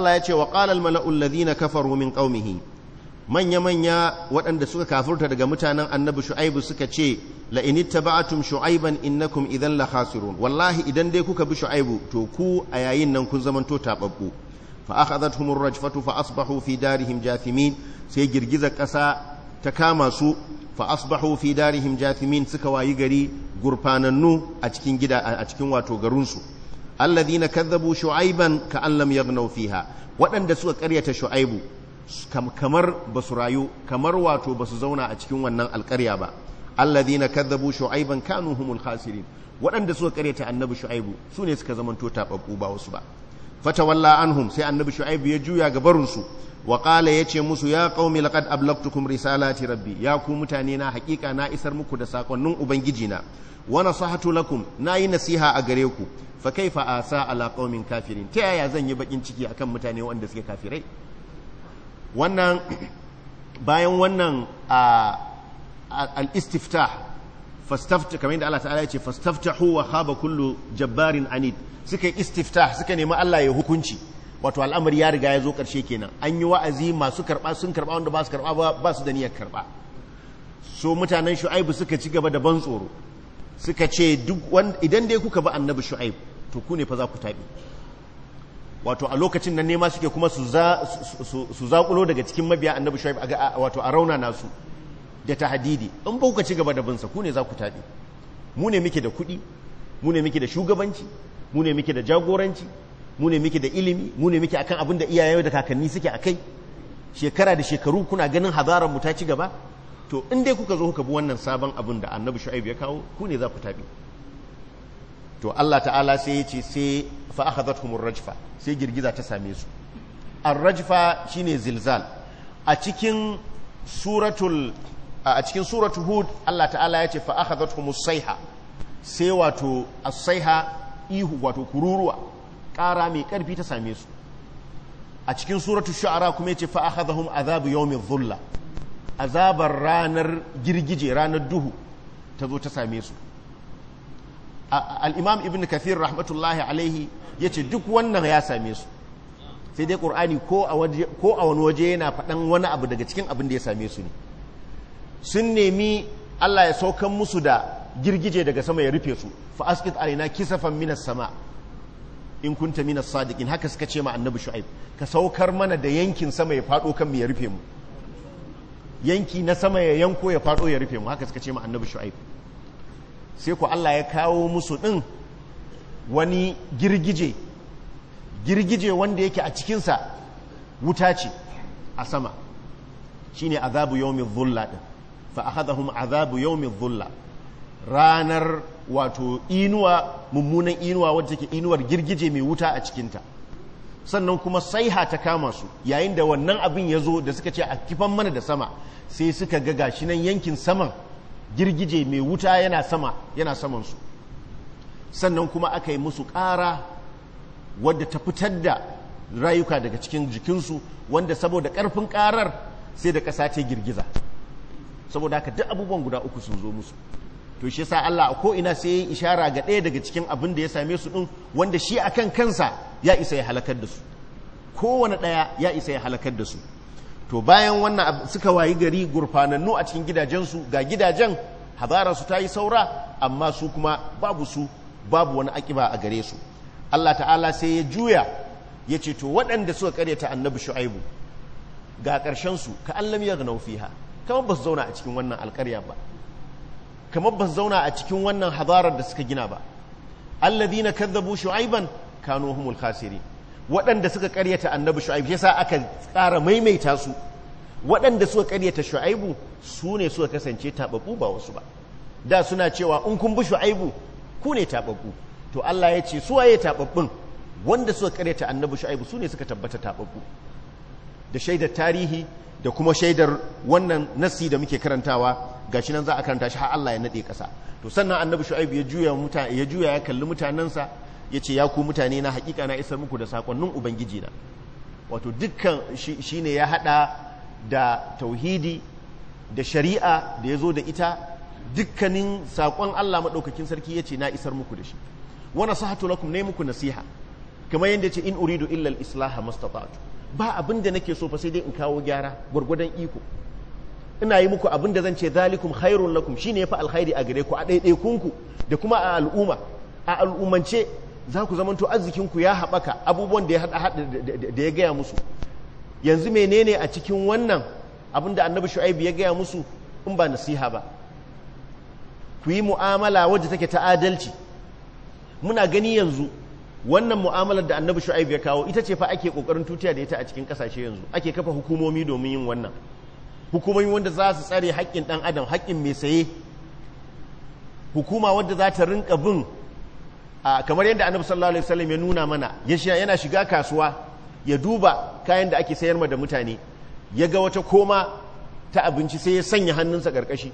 Allah ya ce wa qala al-mala'u alladhina kafaru min qaumihi manya-manya waɗanda suka kafurta daga mutanen annabi shu'aibu suka ce la'init taba'atum shu'aiban innakum idan la khasirun wallahi idan dai kuka bi shu'aibu to ku a yayin nan kun zamanto taɓaɓɓu fa akhadhatuhum ar-rajfatu fa asbahu fi darihim jathimin sai girgiza ƙasa ta kama su fa asbahu fi darihim jathimin suka wayi gari gurfanannu a cikin gida a cikin wato garinsu. alladhina kazzabu shu'aiban ka an lam yaghnaw fiha waɗanda suka karyata shu'aibu kamar basu rayu kamar wato basu zauna a cikin wannan alƙarya ba na kazzabu shu'aiban kanu humul khasirin waɗanda suka karyata annabi shu'aibu su ne suka zamanto tababbu ba wasu ba fata walla an hum sai annabi shu'aib ya juya ga barinsu wa ya ce musu ya qaumi laqad ablagtukum risalati rabbi ya ku mutane na hakika na isar muku da sakonnin ubangiji na wa nasahatu lakum na yi nasiha a gare ku fa kaifa asa ala qaumin kafirin ta yaya zan yi bakin ciki akan mutane wanda suke kafirai wannan bayan wannan al-istiftah fastafta kamar yadda Allah ta'ala ya ce fastaftahu wa khaba kullu jabbarin anid suka yi istiftah suka nemi Allah ya hukunci wato al'amari ya riga ya zo karshe kenan an yi wa'azi masu karba sun karba wanda ba su karba ba su da niyyar karba so mutanen shu'aibu suka ci gaba da ban tsoro suka ce duk idan dai kuka ba annabi shu'aib to ku ne fa za ku tabi wato a lokacin nan ma suke kuma su zaƙulo daga cikin mabiya annabi shu'aib wato a rauna nasu da tahdidi in ba ku ci gaba da binsa ku ne za ku taɓe mu ne muke da kuɗi mu ne muke da shugabanci mu ne muke da jagoranci mu ne muke da ilimi mu ne muke akan abin da iyaye da kakanni suke kai. shekara da shekaru kuna ganin hazaran mu ta ci gaba to in dai kuka zo kuka bi wannan sabon abin da annabi shu'aib ya kawo ku ne za ku taɓe to Allah ta'ala sai ya ce sai fa akhadhatuhumur rajfa sai girgiza ta same su ar-rajfa shine zilzal a cikin suratul a cikin suratu hud Allah ta'ala ya ce fa akhadhathumus sayha sai wato a saiha ihu wato kururuwa ƙara mai ƙarfi ta same su a cikin suratu shu'ara kuma ya ce fa akhadhahum adhabu yawmin zulla azabar ranar girgije ranar duhu ta zo ta same su al-imam ibn kathir rahmatullahi alaihi ya ce duk wannan ya same su sai dai ƙur'ani ko a wani waje yana faɗan wani abu daga cikin abin da ya same su ne sun nemi Allah ya saukan musu da girgije daga sama ya rufe su fa askit alaina kisafan minas sama in kunta minas sadiqin haka suka ce ma annabi shu'aib ka saukar mana da yankin sama ya fado kan mu ya rufe mu yanki na sama ya yanko ya fado ya rufe mu haka suka ce ma annabi shu'aib sai ku Allah ya kawo musu din wani girgije girgije wanda yake a cikin sa wuta ce a sama shine azabu yawmin dhulla fa akhadhahum yau mai zulla ranar wato inuwa mummunan inuwa wadda take inuwar girgije mai wuta a cikinta sannan kuma saiha ta kama su yayin da wannan abin ya zo da suka ce a kifan mana da sama sai suka ga gashi nan yankin saman girgije mai wuta yana sama yana saman su sannan kuma aka yi musu ƙara wadda ta fitar da rayuka daga cikin jikinsu wanda saboda ƙarfin ƙarar sai da ƙasa ta girgiza saboda haka duk abubuwan guda uku sun zo musu to shi yasa Allah a ina sai ya ishara ga ɗaya daga cikin abin da ya same su ɗin wanda shi akan kansa ya isa ya halakar da su kowane ɗaya ya isa ya halakar da su to bayan wannan suka wayi gari gurfanannu a cikin gidajensu ga gidajen su ta yi saura amma su kuma babu su babu wani akiba a gare su Allah ta'ala sai ya juya ya ce to waɗanda suka karyata annabi shu'aibu ga ƙarshensu ka allam ya fiha kamar ba su zauna a cikin wannan alkarya ba kamar ba zauna a cikin wannan hadarar da suka gina ba na kadzabu shu'aiban kanu humul khasirin waɗanda suka karyata annabi shu'aib yasa aka tsara maimaita su waɗanda suka karyata shu'aibu su ne suka kasance tababbu ba wasu ba da suna cewa in kun bi shu'aibu ku ne tababbu to Allah ya ce su waye tababbun wanda suka karyata annabi shu'aibu su ne suka tabbata tababbu da shaidar tarihi da kuma shaidar wannan nassi da muke karantawa gashi nan za a karanta shi har Allah ya nade kasa to sannan annabi shu'aib ya juya mutane ya juya ya kalli mutanansa yace ya ku mutane na hakika na isar muku da sakonnin ubangiji na wato dukkan shine ya hada da tauhidi da shari'a da yazo da ita dukkanin sakon Allah madaukakin sarki ya ce na isar muku da shi wa nasahatu lakum ne muku nasiha kamar yanda ce in uridu illa al-islaha mastata'tu ba abin da nake so fa sai dai in kawo gyara gwargwadon iko ina yi muku abin da zan ce zalikum khairun lakum shine fa alkhairi a gare ku a daidai kunku. da kuma a al'umma a al'ummance za ku zamanto ku ya haɓaka abubuwan da ya da ya gaya musu yanzu menene a cikin wannan abin da annabi shu'aibu ya gaya musu in ba nasiha ba ku yi mu'amala wadda take ta adalci muna gani yanzu wannan mu'amalar da annabi shu'aib ya kawo ita ce fa ake kokarin tutiya da ita a cikin kasashe yanzu ake kafa hukumomi domin yin wannan hukumomi wanda za su tsare haƙƙin ɗan adam haƙƙin mai saye hukuma wanda za ta rinka bin kamar yadda annabi sallallahu alaihi wasallam ya nuna mana yana shiga kasuwa ya duba kayan da ake sayar da mutane ya ga wata koma ta abinci sai ya sanya hannunsa karkashi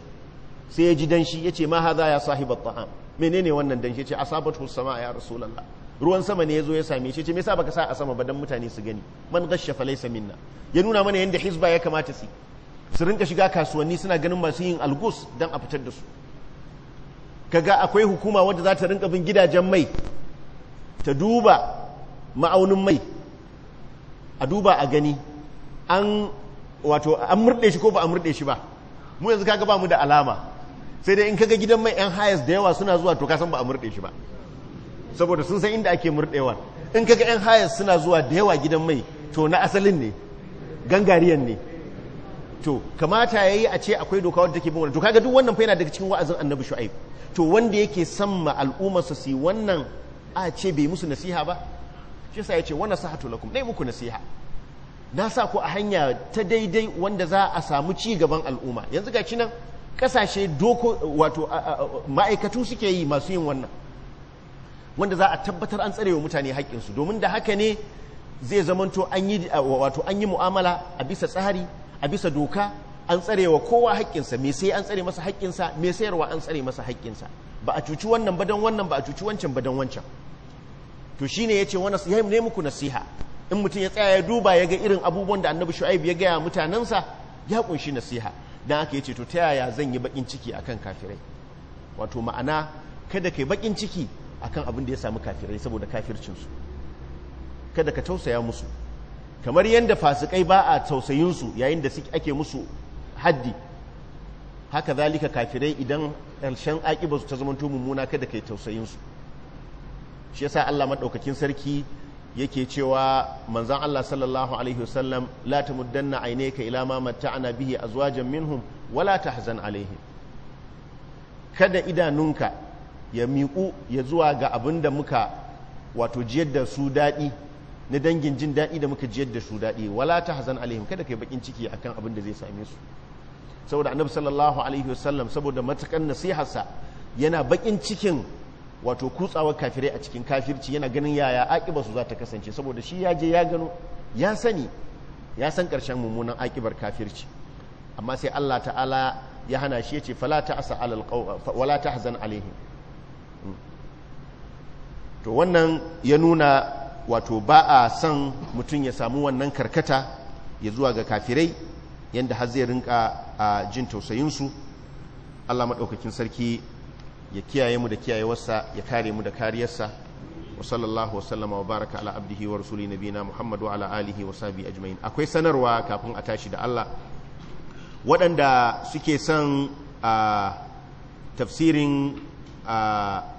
sai ya ji danshi ya ce ma haza ya sahibat ta'am menene wannan danshi ya ce sama ya rasulullah ruwan sama ne ya zo ya same shi ce me yasa baka sa a sama ba dan mutane su gani man ghashsha falaysa minna ya nuna mana yanda hisba ya kamata su su rinka shiga kasuwanni suna ganin masu yin algus dan a fitar da su kaga akwai hukuma wadda za ta rinka bin gidajen mai ta duba ma'aunin mai a duba a gani an wato an murɗe shi ko ba a murɗe shi ba mu yanzu kaga ba mu da alama sai dai in kaga gidan mai yan hayas da yawa suna zuwa to kasan ba a murɗe shi ba saboda sun san inda ake murɗewa in kaga yan hayar suna zuwa da yawa gidan mai to na asalin ne gangariyan ne to kamata yayi a ce akwai doka wadda ke bin wannan to kaga duk wannan fa yana daga cikin wa'azin annabi shu'aib to wanda yake samma al'umma su si wannan a ce bai musu nasiha ba shi ya yace wa nasihatu lakum dai muku nasiha na sa ku a hanya ta daidai wanda za a samu ci gaban al'umma yanzu ga nan kasashe doko wato ma'aikatu suke yi masu yin wannan wanda za a tabbatar an tsarewa mutane haƙƙinsu domin da haka ne zai zamanto an yi wato an yi mu'amala a bisa tsari a bisa doka an tsarewa kowa haƙƙinsa me sai an tsare masa haƙƙinsa me sayarwa an tsare masa haƙƙinsa ba a cuci wannan badan wannan ba a cuci wancan badan wancan to shine yace wani ya ne muku nasiha in mutum ya tsaya ya duba ya ga irin abubuwan da annabi shu'aib ya gaya mutanensa ya kunshi nasiha dan aka yace to ta yaya zan yi bakin ciki akan kafirai wato ma'ana kada kai bakin ciki akan abin da ya samu kafirai saboda kafircinsu kada ka tausaya musu kamar yadda fasikai ba a tausayinsu yayin da ake musu haddi haka zalika kafirai idan ƙarshen aƙibarsu ta zamanto mummuna kada ka yi tausayinsu shi yasa Allah maɗaukakin sarki yake cewa manzan Allah sallallahu alaihi wasallam la aine ka ila mata ana bihi azwajan minhum wala ta hazan alaihi kada idanunka ya miƙu ya zuwa ga abin da muka wato jiyar da su daɗi na dangin jin daɗi da muka jiyar da su daɗi wala ta hazan alaihim kada kai bakin ciki akan abin da zai same su saboda annabi sallallahu alaihi wasallam saboda matakan nasiharsa yana bakin cikin wato kutsawar kafirai a cikin kafirci yana ganin yaya akibar su za ta kasance saboda shi ya je ya gano ya sani ya san karshen mummunan akibar kafirci amma sai Allah ta'ala ya hana shi ya ce fala asa alal wala tahzan alaihim to wannan ya nuna wato ba a son mutum ya samu wannan karkata ya zuwa ga kafirai yadda har zai rinka a jin tausayinsu allah maɗaukakin sarki ya kiyaye mu da kiyayewarsa ya kare mu da kariyarsa wa sallallahu wa sallama wa baraka ala abdihi wa rasuli nabina muhammadu ala alihi wa a ajma'in akwai sanarwa kafin a tashi da allah waɗanda suke son a tafsirin a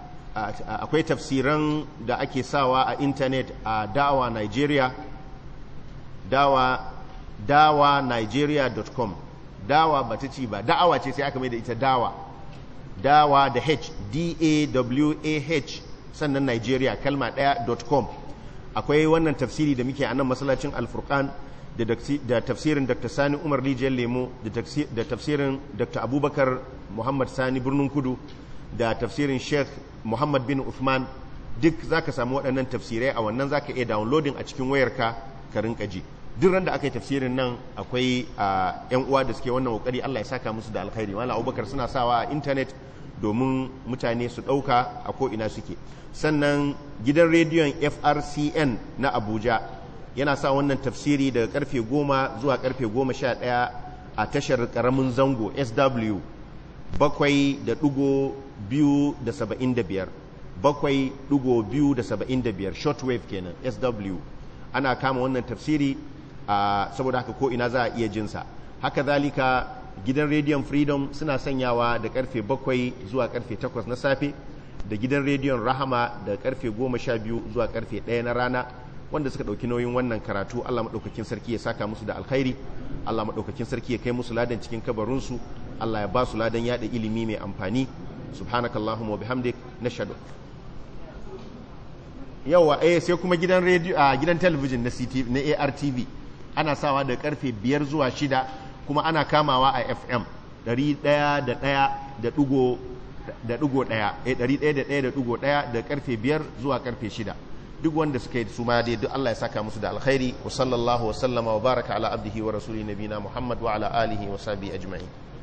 akwai tafsiran da ake sawa a intanet a dawa nigeria dawa dawa nigeria.com dawa ba ta ci ba da'awa ce sai aka mai da ita dawa dawa da h d-a-w-a-h sannan nigeria kalma daya.com akwai wannan tafsiri da muke a nan masallacin alfurkan da tafsirin dr sani umar rijiyar lemo da tafsirin dr abubakar muhammad sani birnin kudu da tafsirin sheikh muhammad bin uthman duk za samu waɗannan tafsirai a wannan za ka iya downloading a cikin wayarka ka rinka ji duk ran da aka yi tafsirin nan akwai yan uwa da suke wannan kokari Allah ya saka musu da alkhairi mala abubakar suna sawa a intanet domin mutane su ɗauka a ko ina suke sannan gidan rediyon frcn na abuja yana sa wannan tafsiri daga karfe 10 zuwa karfe goma a tashar karamin zango sw bakwai da ɗigo biyu da saba'in da biyar bakwai shortwave kenan sw ana kama wannan tafsiri uh, saboda haka ko ina za a iya jinsa haka zalika gidan rediyon freedom suna sanyawa da karfe bakwai zuwa karfe takwas na safe da gidan rediyon rahama da karfe goma sha biyu zuwa karfe ɗaya na rana wanda suka dauki nauyin wannan karatu Allah maɗaukakin sarki ya saka musu da alkhairi Allah maɗaukakin sarki ya kai musu ladan cikin kabarinsu Allah ya ba su ladan yada ilimi mai amfani subhanakallahumma wa bihamdik nashhadu yawa eh sai kuma gidan radio ah, a gidan television na CTV na ARTV ana sawa da karfe 5 zuwa 6 kuma ana kamawa a FM 101 da da da eh, da karfe 5 zuwa karfe 6 duk wanda suka yi su ma dai duk Allah ya saka musu da alkhairi wa sallallahu wa sallama wa baraka ala abdihi wa rasulihi nabina Muhammad wa ala alihi wa sahbihi ajma'in